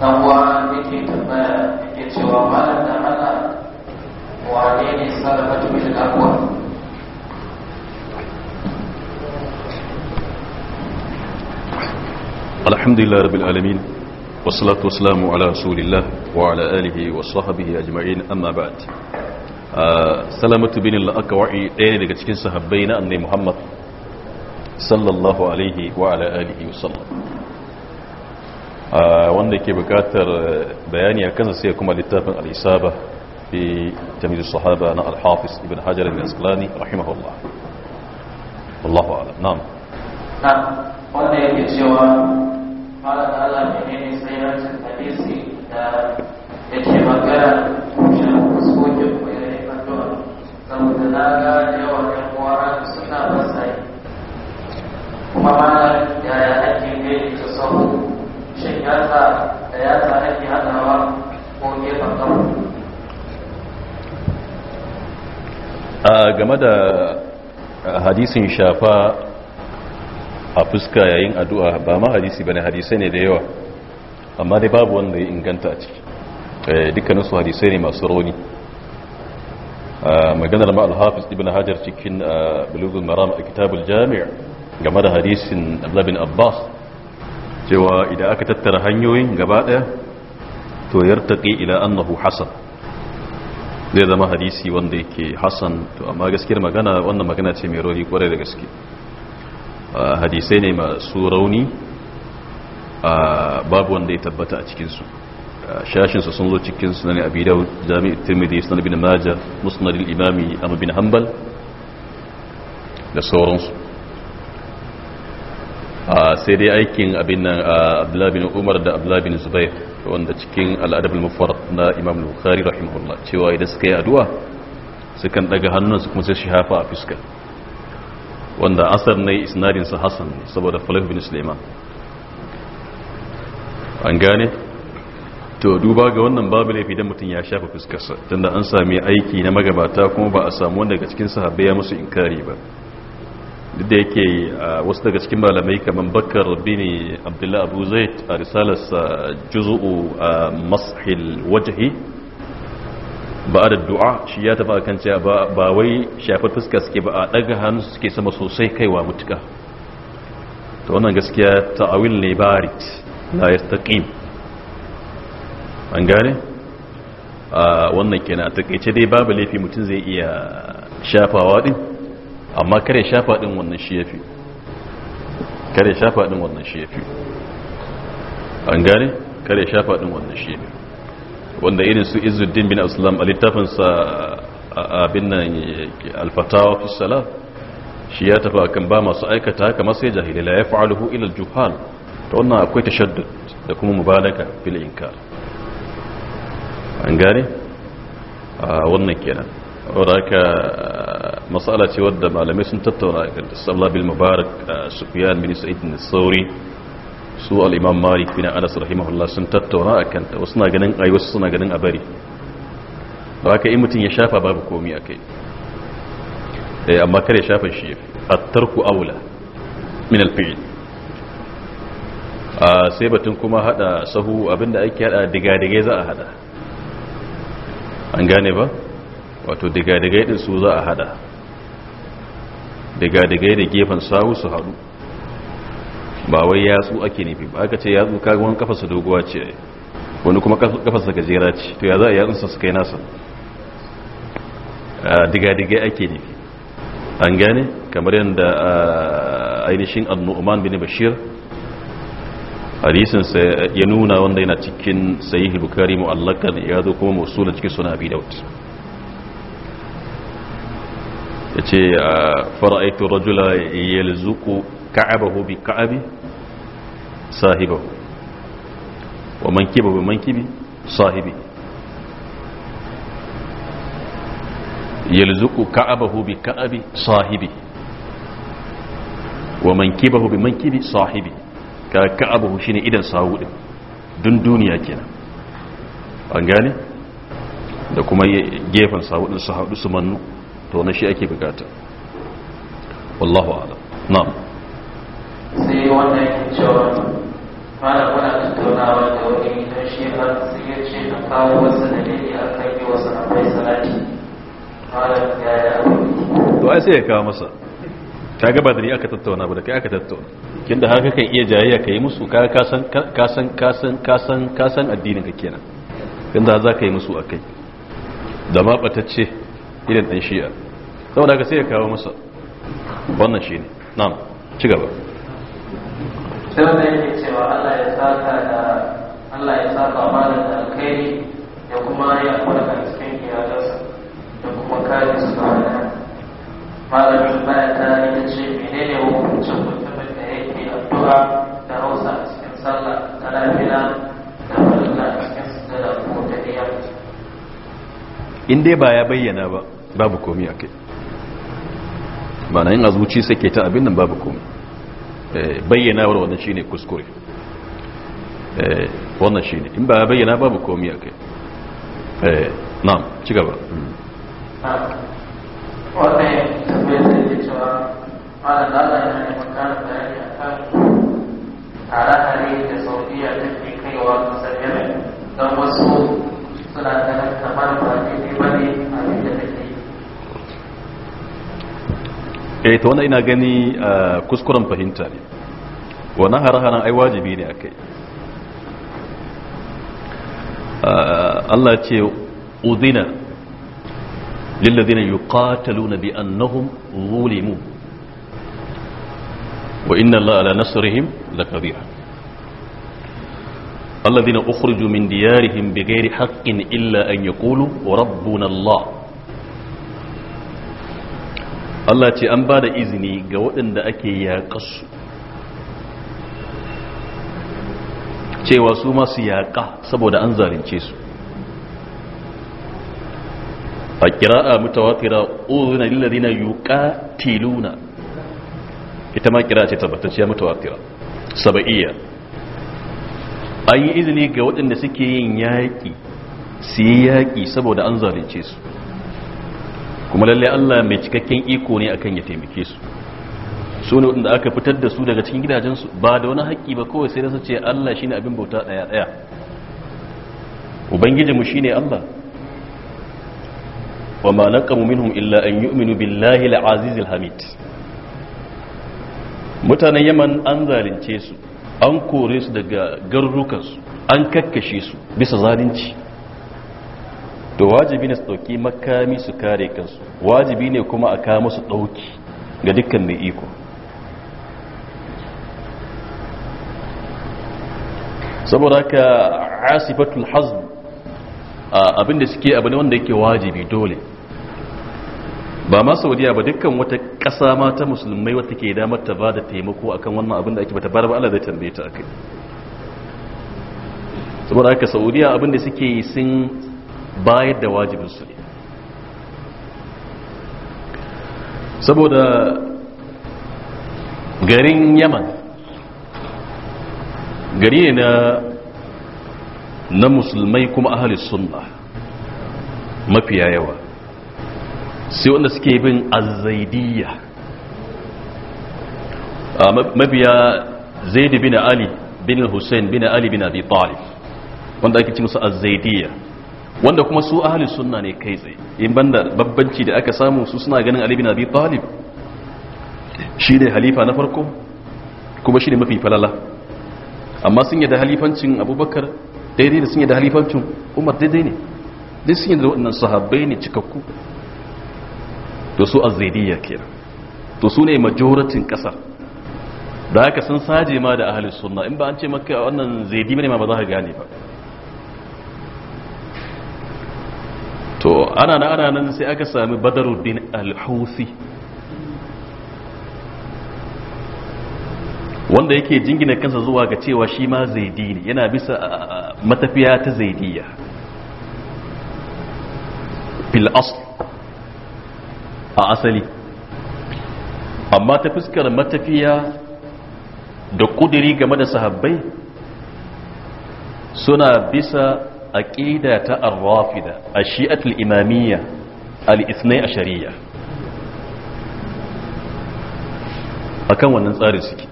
Allah yake tambaya yake cewa malam da Allah wa ne ne salafatu da aqwa الحمد لله رب العالمين والصلاة والسلام على رسول الله وعلى آله وصحبه أجمعين أما بعد salamatu bin al-akwa'i ɗaya ne daga cikin sahabbai na annabi muhammad sallallahu alaihi wa ala alihi wa sallam wanda ke bukatar bayani a kansa sai kuma littafin al-isaba fi tamyiz sahaba na al-hafiz ibn hajar al-asqalani rahimahullah wallahu a'lam na'am wanda yake cewa malaka Allah ne ne sai ya hadisi da yake magana Uh, game da uh, hadisin shafa a fuska yayin addu'a ba ma hadisi ba ne hadisai ne da yawa amma dai babu wanda ya inganta a ciki eh, dukkaninsu hadisai ne masu rauni maganar ma'al hafiz ibn hajar cikin bulugul maram a kitabul jami'a game da hadisin Abdullah Abbas cewa idan aka tattara hanyoyin gaba daya to yartaqi ila annahu hasan zai zama hadisi wanda yake hasan to amma gaskiyar magana wannan magana ce mai rauni kwarai da gaske hadisai ne masu rauni babu wanda ya tabbata a cikinsu shashinsa sun zo cikin sunan abi dawud jami'i tirmidhi sunan ibn majah musnad al-imami abu bin hanbal da sauransu sai dai aikin abin nan abdullahi bin umar da abdullahi bin zubair wanda cikin al-adab al-mufarrad na imam bukhari rahimahullah cewa idan suka yi addu'a sukan daga hannunsu kuma sai shi hafa a fuska wanda asar ne isnadin sa hasan saboda falah bin sulaiman an gane to duba ga wannan babu laifi da mutum ya shafa fuskarsa tunda an sami aiki na magabata kuma ba a samu wanda daga cikin sahabbai ya musu inkari ba duk da yake wasu daga cikin malamai kamar bakar bin abdullahi abu zaid a risalarsa juzu'u mashil wajhi ba da du'a shi ya tafi akan cewa ba wai shafar fuska suke ba a daga hannu suke sama sosai kaiwa mutuka to wannan gaskiya ta'awil ne barit la yastaqim an gane a wannan kenan a takaice dai babu laifi mutum zai iya shafawa din amma kare shafa din wannan shi yafi kare shafa din wannan shi yafi an gane kare shafa din wannan shi yafi wanda irin su izuddin bin Aslam a littafin sa abin nan alfatawa fi salat shi ya tafi akan ba masu aikata haka masu ya jahilai la ya fa'aluhu ila juhal to wannan akwai tashaddud da kuma mubalaka fil inkar an gane wannan kenan wadda aka matsala ce wadda malamai sun tattauna ga sabla bil mubarak sufiyan bin sa'id bin sauri su al-imam malik bin anas rahimahullah sun tattauna a ta wasu na ganin ayi wasu suna ganin a bari da haka in mutum ya shafa babu komi a kai eh, amma kare shafa shi A tarku aula min al sai batun kuma hada sahu abinda ake hada diga-digai za a hada an gane ba wato digadigai din su za a hada digadigai da gefen sawu su hadu ba wai yatsu ake nufi ba aka ce yatsu kaga wani kafarsa doguwa ce wani kuma kafarsa gajera ce to ya za a sa su kai nasa digadigai ake nufi an gane kamar yadda ainihin annu'uman bin bashir hadisin ya nuna wanda yana cikin sahih bukari mu'allakan ya zo kuma musulun cikin sunan abi daud yace ce rajula yalzuku ka'abahu bi ka'abi sahibahu wa mankibahu bi mankibi sahibi yalzuku ka'abahu bi ka'abi sahibi wa mankibahu bi mankibi sahibi ka ka'abahu shine idan sawu din dun duniya kenan an gane da kuma gefen sawu din su haɗu su mannu to na shi ake bukata wallahu a'lam na'am sai wannan yake cewa fara kuna tattaunawa da wani don shi ba su ya ce na kawo wasu dalili a kan yi wasu kai salati malam ya yi abu to ai sai ya kawo masa ta gaba da ni aka tattauna ba da kai aka tattauna tunda har kakan iya jayayya ka yi musu ka san kasan kasan kasan kasan addinin ka kenan tunda za ka yi musu akai da ma batacce irin dan shi'a saboda ka sai ya kawo masa wannan shi ne. na'am ci gaba sai wanda yake cewa Allah ya saka da Allah ya saka malam da alkhairi da kuma ya kula da cikin iyalansa da kuma kare su da malamin baya ta yi ce menene hukuncin berdoa dan rosa a cikin sallah ta dan berdoa farilla a cikin sujjada ko ta in dai ba ya bayyana ba babu komi a kai ba na yin a zuci sake ta abin nan babu komi eh, bayyanawar wannan shine kuskure eh, wannan shine in ba ya bayyana babu komi a kai eh, na'am ci gaba ah, wannan tabbatar da cewa ana lalata ne makarar bayani hare-hare da saudiya ganin kamar ba ne abin da take eh ta ina gani eh, kuskuren fahimta ne wannan hare-haren ai wajibi ne a kai eh, Allah ce udina lillazina yuqataluna bi annahum zulimun wa inna allaha ala nasrihim laqadir alladhina ukhriju min diyarihim bighairi haqqin illa an yaqulu rabbuna allah Allah ce an ba da izini ga waɗanda ake yaƙasu cewa su masu yaƙa saboda an zalunce su a ƙira'a mutawatira uzuna lillazina yuqatiluna ita ma kira ce tabbatacciya mutawatira saba'iyya an yi izini ga waɗanda suke yin yaƙi su yi yaƙi saboda an zalunce su kuma lalle Allah mai cikakken iko ne akan ya taimake su su ne waɗanda aka fitar da su daga cikin gidajensu ba da wani haƙƙi ba kawai sai su ce Allah shine abin bauta ɗaya ɗaya ubangijinmu shine Allah wa ma naqamu minhum illa an yu'minu billahi al-azizil hamid mutanen yaman an zalunce su an kore su daga garurukansu an kakkashe su bisa zalunci to wajibi ne su ɗauki makami su kare kansu wajibi ne kuma a kawo musu ɗauki ga dukkan mai iko saboda haka asifatul hazm abinda suke abu ne wanda yake wajibi dole ba ma saudiya ba dukkan wata ƙasa ma ta musulmai wata ke damar ta ba da taimako akan wannan abin da ake bata bar ba Allah zai tambaye ta akai saboda haka saudiya abin da suke yi sun bayar da wajibin su ne saboda garin yaman gari ne na musulmai kuma ahalis sunna mafiya yawa sai wanda suke bin azaidiyya mabiya zaidi bin ali bin hussein bin ali bin abi talib wanda ake ci musu azzaidiyya wanda kuma su ahli sunna ne kai tsaye in banda babbanci da aka samu su suna ganin ali bin abi talib shi ne halifa na farko kuma shi ne mafi falala amma sun yada halifancin abubakar daidai da sun yada halifancin umar daidai ne dai sun yada waɗannan sahabbai ne cikakku to su azzaidiyya kenan to su ne majoratin kasar da haka sun saje ma da ahalin sunna in ba an ce maka wannan zaidi ne ba za ka gane ba to ana na ana nan sai aka sami badaruddin al-husi wanda yake jingina kansa zuwa ga cewa shi ma zaidi ne yana bisa matafiya ta zaidiya fil asl a asali amma ta fuskar matafiya da kudiri game da sahabbai suna bisa aƙida ta arrafida a shi'atul imamiyya al-ithnai a shari'a akan wannan tsarin suke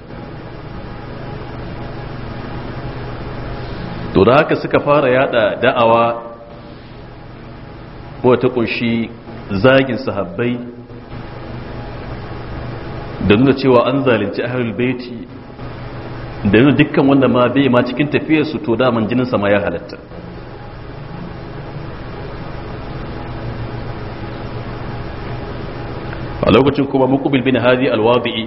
to da haka suka fara yada da'awa ko ta kunshi zagin sahabbai da nuna cewa an zalunci ahlul baiti da nuna dukkan wanda ma bai ma cikin tafiyarsu to daman jinin sama ya halatta a lokacin kuma mukubil bin hadi alwadi'i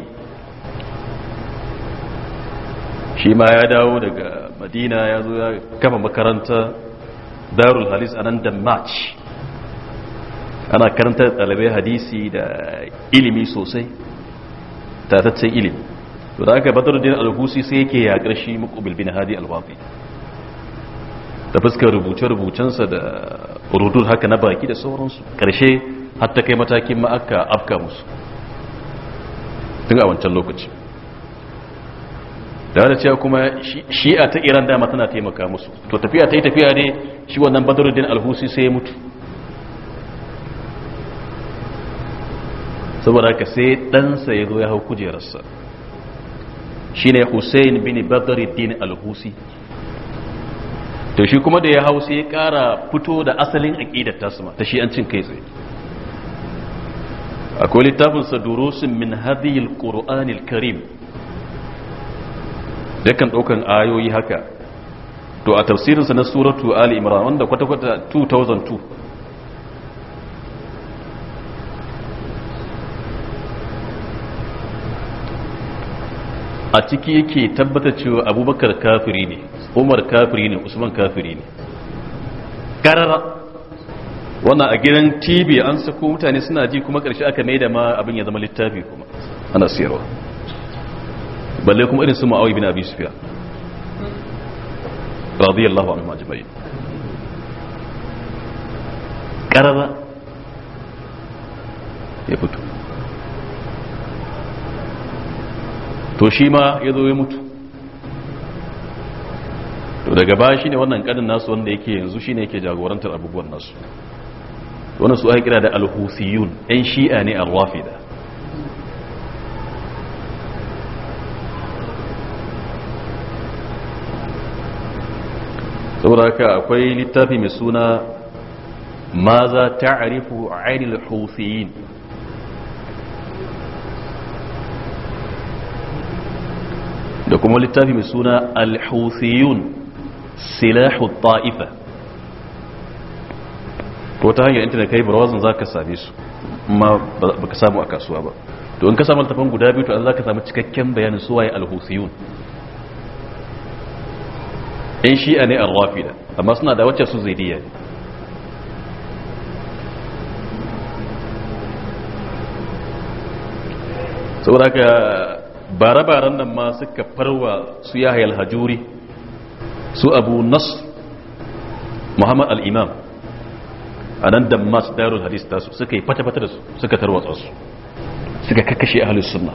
shi ma ya dawo daga madina ya zo ya kafa makaranta darul halis a nan da march ana karanta ɗalibai hadisi da ilimi sosai tataccen ilimi to da aka din al-husi sai yake yakar shi muqbil bin hadi al-wafi da fuskar rubuce-rubucensa da rudud haka na baki da sauransu karshe hatta kai matakin ma aka afka musu tun a wancan lokaci da wani cewa kuma shi'a ta iran dama tana taimaka musu to tafiya ta yi tafiya ne shi wannan badruddin al-husi sai ya mutu saboda haka sai ɗansa ya zo ya hau kujerarsa shi ne hussein bin badruddin al-husi to shi kuma da ya hau sai ya ƙara fito da asalin aƙidar tasma ta shi an cin kai tsaye akwai littafinsa durusin min hadiyil ƙur'anil karim yakan ɗaukan ayoyi haka to a tafsirinsa na suratu ali imran wanda kwata-kwata 2002 a ciki yake tabbata cewa abubakar kafiri ne umar kafiri ne usman kafiri ne karara wannan a gidan tv an sako mutane suna ji kuma karshe aka mai da ma abin ya zama littafi kuma ana siyarwa balle kuma irin su ma'awai bin abi sufiya radiyallahu anhu majma'in karara ya fito to shi ma ya zo ya mutu to daga baya shine wannan kanin nasu wanda yake yanzu shine yake jagorantar abubuwan nasu wannan su ake kira da alhusiyun yan shi'a ne al-rafida saboda haka akwai littafi mai suna Maza za ta arifu a ainihin husiyin kuma littafi mai suna al-huthiyun silahu ta'ifa to ta hanyar intanet kai barawazin za ka same su amma ba ka samu a kasuwa ba to in ka samu littafin guda biyu to an za ka samu cikakken bayanin su waye al-huthiyun in shi'a ne ar-rafida amma suna da wacce su zaidiyya ne saboda haka bare-baren nan ma suka farwa su yahya alhajuri su abu nas muhammad al'imam a nan da dammas darul hadis tasu suka yi fata-fata da su suka tarwatsa su suka kakashe ahalus sunna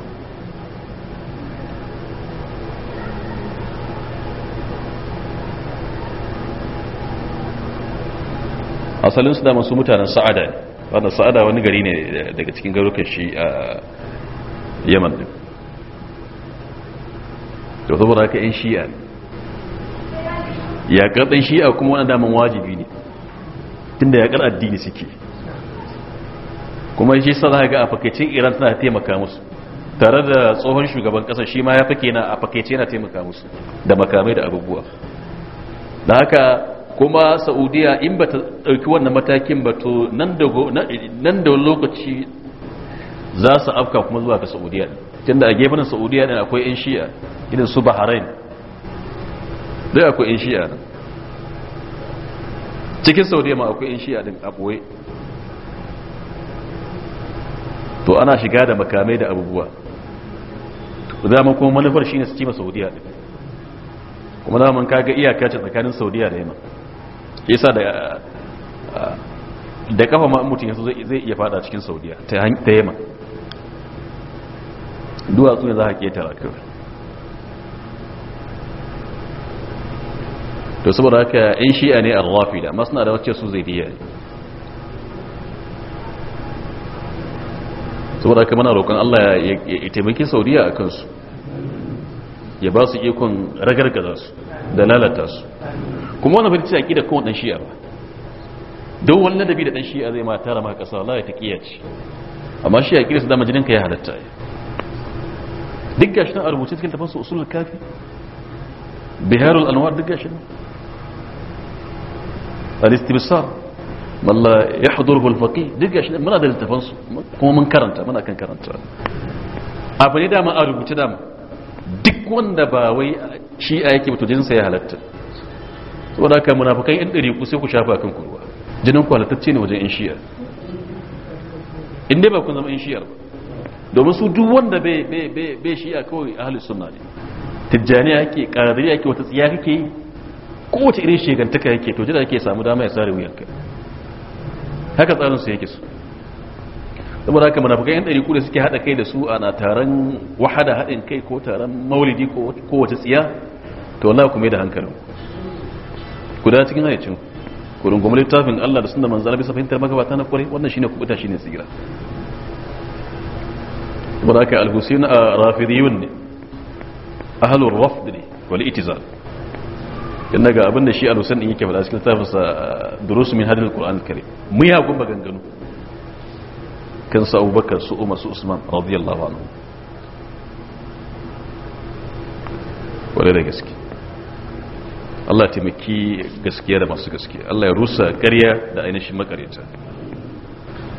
asalin su da masu mutanen sa'ada wanda sa'ada wani gari ne daga cikin garukan shi a ah, yaman din to saboda haka yan shi'a ne yaƙar shi'a kuma wani daman wajibi ne tunda yaƙar addini suke kuma shi sa za ga a fakacin iran tana taimaka musu tare da tsohon shugaban ƙasa shi ma ya fake na a fakaice yana taimaka musu da makamai da abubuwa da haka kuma saudiya in ba ta ɗauki wannan matakin ba to nan da lokaci za su afka kuma zuwa ga saudiya tunda a gefen saudiya ne akwai yan shi'a irin su bahrain dai akwai yan shi'a nan cikin saudiya ma akwai yan shi'a din a boye to ana shiga da makamai da abubuwa zama kuma manufar shine su cima saudiya din kuma ka ga iyaka ce tsakanin saudiya da yamma yasa da da kafa ma mutum zai iya fada cikin saudiya ta yamma duwatsu ne za a ketara kawai to saboda haka in shi'a ne al da masu na da wacce su zai diya saboda haka mana roƙon Allah ya taimaki saudiya a kansu ya ba su ikon ragargaza su da lalata su kuma wani birci a ƙi da kowane ɗan shi'a ba don wani ladabi da ɗan shi'a zai ma tara maka ƙasa Allah ya ta ƙiyace amma shi'a ƙi da su dama jininka ya halatta ya دقة شنو أربوتيت كنت بس أصول الكافي بهار الأنوار دقة شنو الاستبصار ما الله يحضره الفقيه دقة شنو ما أدري التفنص هو من كرنت ما أكن كرنت أبني دام أربوتيت دام دك وندا باوي شيء أيك بتجين سيهلت ولا كان منافقين إن أريد كسيك شابا كن كروا جنوك على تتشين وجه إنشيا إن دبا كن زمان إنشيا domin su duk wanda bai shi a kawai ahalus suna ne tijjaniya yake ya yake wata tsiya kake yi kowace irin ya yake to jira yake samu dama ya sare wuyanka haka tsarin su yake su da haka munafikai yan ɗari da suke haɗa kai da su ana taron wahada haɗin kai ko taron maulidi ko wace tsiya to na kuma yi da hankalin ku da cikin hayacin ku rungumi littafin Allah da da manzana bisa fahimtar magabata na kwarai wannan shine kubuta shine tsira wadaka haka al a rafidiyun ne ahlur rafd ne wali itizar yadda ga abinda shi al-husayn yake faɗa cikin tafsir durus min hadin qur'an al mu ya gumba gangano kan sa Abubakar su Umar su Usman radiyallahu anhu wale da gaske Allah taimaki gaskiya da masu gaskiya Allah ya rusa ƙarya da ainihin makarinta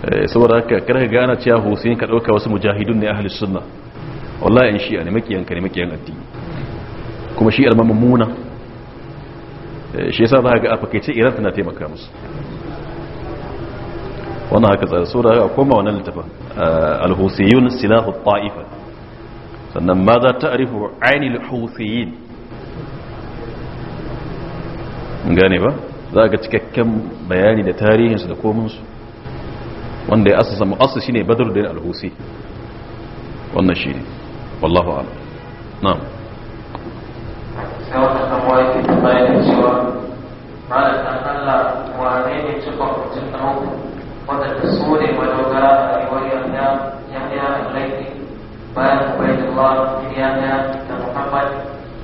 Eh, saboda haka kada ka gana cewa Hussein ka dauka wasu mujahidun ne ahli sunna wallahi in shi'a ne makiyan ka ne makiyan addini kuma shi alma mummuna eh, shi yasa za ga ce Iran tana taimaka musu wannan haka tsara saboda haka koma wannan littafin eh, al-Husayun silahu ta'ifa sannan ma za ta arifu al Husayn gane ba za ga cikakken bayani da tarihinsu da kominsu wanda ya asasa mu'assis shine badruddin al-husi wannan shine wallahu a'lam na'am sai wata kamar yake bayan cewa malam Allah wane ne cikon mutum na uku wadanda su ne madogara a riwayar da yahya al-laiki bayan ubaidullah bin yahya da muhammad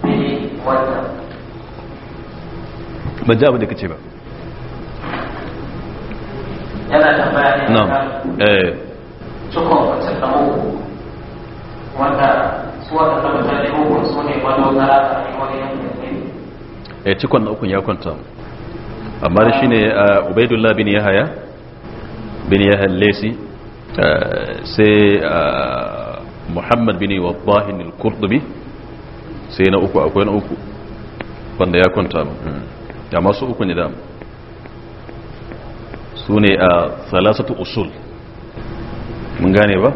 ne wata ban ji abin da kace ba yana tambaya ne no. eh cikon da ta muku wanda su wata tabbatar da muku su ne wani wata a wani yankin ne eh cikon na ya kwanta amma da shine eh, ubaidullah bin yahaya bin yahaya lesi eh, sai eh, muhammad bin wabahin al-kurdubi sai na uku akwai na uku wanda ya kwanta ba hmm. amma uku ne dama su ne a salasatu usul mun gane ba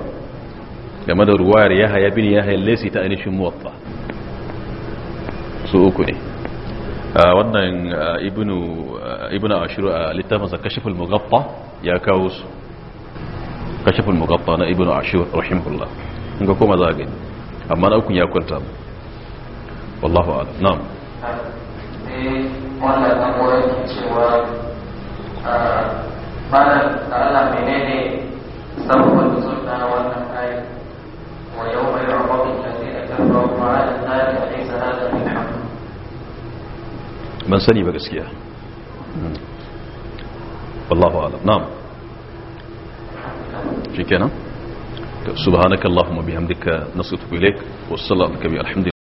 game da ruwayar yaha ya bin yaha lesi ta ainihin muwatta su uku ne wannan ibnu ashiru a littafinsa kashiful mugatta ya kawo su kashiful mugatta na ibnu ashiru rahimahullah in ga koma za a gani amma na ukun ya kwanta wallahu ala na'am wannan abuwa cewa قال تعالى منين سوف تصدى والنهاية ويوم يعرض الذين كفروا على النار أليس هذا من من سني بقسكيا والله أعلم نعم في كنا سبحانك اللهم وبحمدك نصرتك إليك والصلاة على الحمد